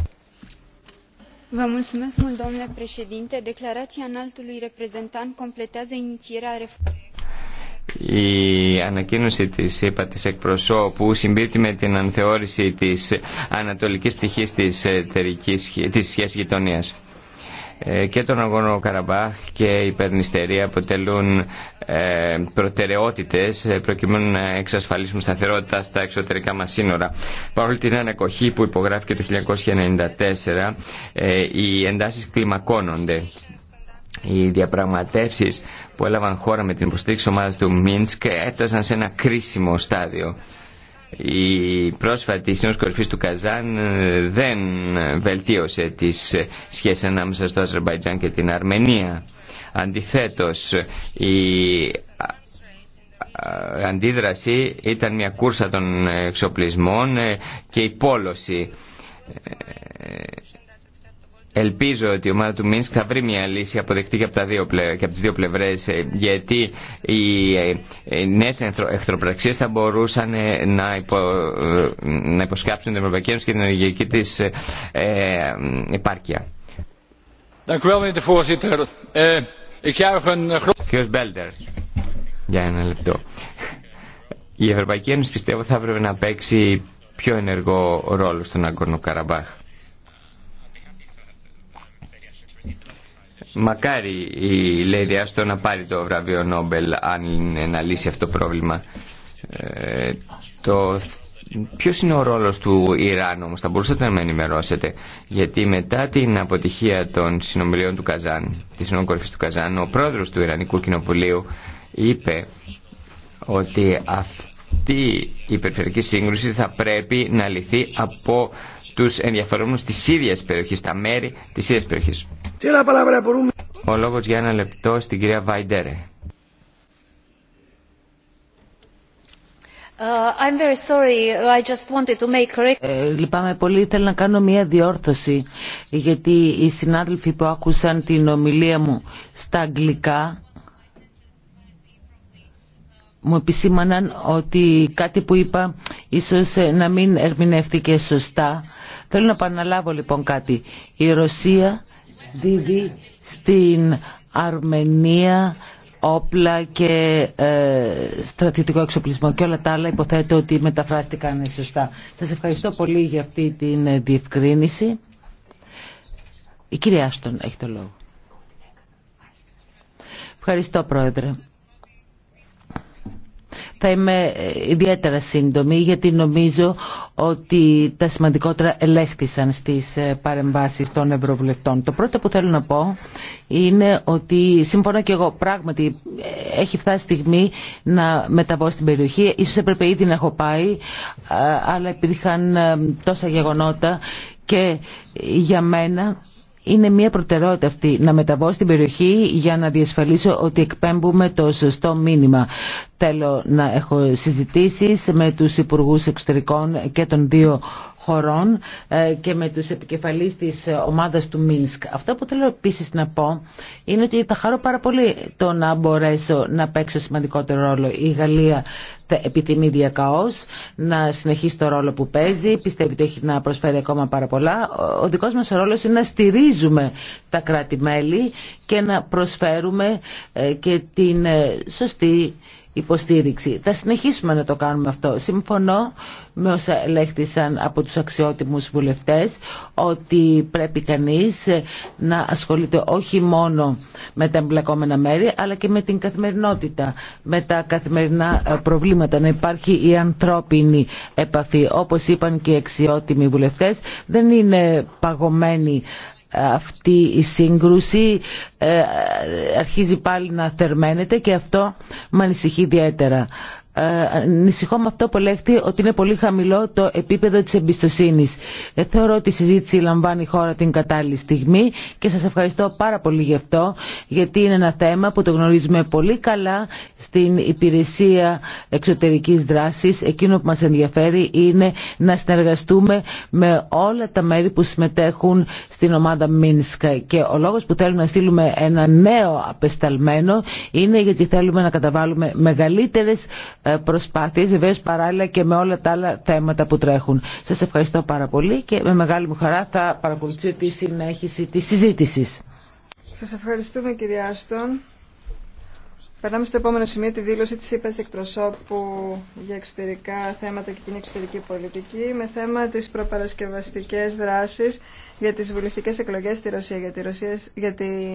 Vă mulțumesc mult, domnule președinte. Declarația înaltului reprezentant completează inițierea reformei. Η ανακοίνωση της ΕΠΑ της εκπροσώπου συμπίπτει με την ανθεώρηση της ανατολικής πτυχής της, εταιρικής, της σχέσης γειτονίας. Ε, και τον Αγώνο Καραμπάχ και η Περνιστερία αποτελούν ε, προτεραιότητες ε, προκειμένου να εξασφαλίσουν σταθερότητα στα εξωτερικά μας σύνορα. Παρόλη την ανακοχή που υπογράφηκε το 1994, οι εντάσεις κλιμακώνονται οι διαπραγματεύσεις που έλαβαν χώρα με την υποστήριξη ομάδα του Μίνσκ έφτασαν σε ένα κρίσιμο στάδιο. Η πρόσφατη σύνοδος κορυφής του Καζάν ε, δεν βελτίωσε τις σχέσεις ανάμεσα στο Αζερμπαϊτζάν και την Αρμενία. Αντιθέτως, η αντίδραση ήταν μια κούρσα των εξοπλισμών ε, και η πόλωση ε, Ελπίζω ότι η ομάδα του Μίνσκ θα βρει μια λύση αποδεκτή και από, τα δύο, και τις δύο πλευρές ε, γιατί οι ε, ε, νέες εχθροπραξίες θα μπορούσαν να, υποσκάψουν την Ευρωπαϊκή Ένωση και την ενεργειακή της ε, επάρκεια. Κύριος Μπέλτερ, για ένα λεπτό. Η Ευρωπαϊκή Ένωση πιστεύω θα έπρεπε να παίξει πιο ενεργό ρόλο στον Αγκόρνο Καραμπάχ Μακάρι η Λέιδη Άστο να πάρει το βραβείο Νόμπελ αν να λύσει αυτό το πρόβλημα. Ε, το... Ποιος είναι ο ρόλος του Ιράν όμως, θα μπορούσατε να με ενημερώσετε. Γιατί μετά την αποτυχία των συνομιλίων του Καζάν, της συνομιλίας του Καζάν, ο πρόεδρος του Ιρανικού Κοινοβουλίου είπε ότι αυτό αυτή η περιφερειακή σύγκρουση θα πρέπει να λυθεί από τους ενδιαφερόμενους της ίδιας περιοχής, τα μέρη της ίδιας περιοχής. Ο λόγος για ένα λεπτό στην κυρία Βαϊντέρε. Ε, I'm very sorry. I just wanted to make... Ε, λυπάμαι πολύ. Ήθελα να κάνω μια διόρθωση γιατί οι συνάδελφοι που άκουσαν την ομιλία μου στα αγγλικά μου επισήμαναν ότι κάτι που είπα ίσως ε, να μην ερμηνεύτηκε σωστά. Θέλω να επαναλάβω λοιπόν κάτι. Η Ρωσία δίδει στην Αρμενία όπλα και ε, στρατιωτικό εξοπλισμό και όλα τα άλλα υποθέτω ότι μεταφράστηκαν σωστά. Σας ευχαριστώ πολύ για αυτή την ε, διευκρίνηση. Η κυρία Άστον έχει το λόγο. Ευχαριστώ Πρόεδρε. Θα είμαι ε, ιδιαίτερα σύντομη γιατί νομίζω ότι τα σημαντικότερα ελέγχθησαν στις ε, παρεμβάσεις των Ευρωβουλευτών. Το πρώτο που θέλω να πω είναι ότι συμφωνώ και εγώ πράγματι ε, έχει φτάσει στιγμή να μεταβώ στην περιοχή. Ίσως έπρεπε ήδη να έχω πάει αλλά υπήρχαν τόσα γεγονότα και για μένα είναι μια προτεραιότητα αυτή να μεταβώ στην περιοχή για να διασφαλίσω ότι εκπέμπουμε το σωστό μήνυμα. Θέλω να έχω συζητήσεις με τους Υπουργούς Εξωτερικών και των δύο χωρών ε, και με τους επικεφαλείς της ομάδας του Μίνσκ. Αυτό που θέλω επίσης να πω είναι ότι θα χαρώ πάρα πολύ το να μπορέσω να παίξω σημαντικότερο ρόλο. Η Γαλλία επιθυμεί διακαώς να συνεχίσει το ρόλο που παίζει, πιστεύει ότι έχει να προσφέρει ακόμα πάρα πολλά. Ο δικός μας ρόλος είναι να στηρίζουμε τα κράτη-μέλη και να προσφέρουμε ε, και την ε, σωστή υποστήριξη. Θα συνεχίσουμε να το κάνουμε αυτό. Συμφωνώ με όσα ελέγχθησαν από τους αξιότιμους βουλευτές ότι πρέπει κανείς να ασχολείται όχι μόνο με τα εμπλεκόμενα μέρη αλλά και με την καθημερινότητα, με τα καθημερινά ε, προβλήματα. Να υπάρχει η ανθρώπινη επαφή. Όπως είπαν και οι αξιότιμοι βουλευτές δεν είναι παγωμένοι αυτή η σύγκρουση ε, αρχίζει πάλι να θερμαίνεται και αυτό με ανησυχεί ιδιαίτερα. Ε, ανησυχώ με αυτό που ότι είναι πολύ χαμηλό το επίπεδο της εμπιστοσύνης. Ε, θεωρώ ότι η συζήτηση λαμβάνει η χώρα την κατάλληλη στιγμή και σας ευχαριστώ πάρα πολύ γι' αυτό γιατί είναι ένα θέμα που το γνωρίζουμε πολύ καλά στην υπηρεσία εξωτερικής δράσης. Εκείνο που μας ενδιαφέρει είναι να συνεργαστούμε με όλα τα μέρη που συμμετέχουν στην ομάδα Μίνσκα και ο λόγος που θέλουμε να στείλουμε ένα νέο απεσταλμένο είναι γιατί θέλουμε να καταβάλουμε μεγαλύτερε ε, προσπάθειες, βεβαίως παράλληλα και με όλα τα άλλα θέματα που τρέχουν. Σας ευχαριστώ πάρα πολύ και με μεγάλη μου χαρά θα παρακολουθήσω τη συνέχιση της συζήτησης. Σας ευχαριστούμε κυρία Άστον. Περνάμε στο επόμενο σημείο τη δήλωση της ΥΠΑΣ εκπροσώπου για εξωτερικά θέματα και κοινή εξωτερική πολιτική με θέμα τις προπαρασκευαστικές δράσεις για τις βουλευτικές εκλογές στη Ρωσία, για τη, Ρωσία, για τη...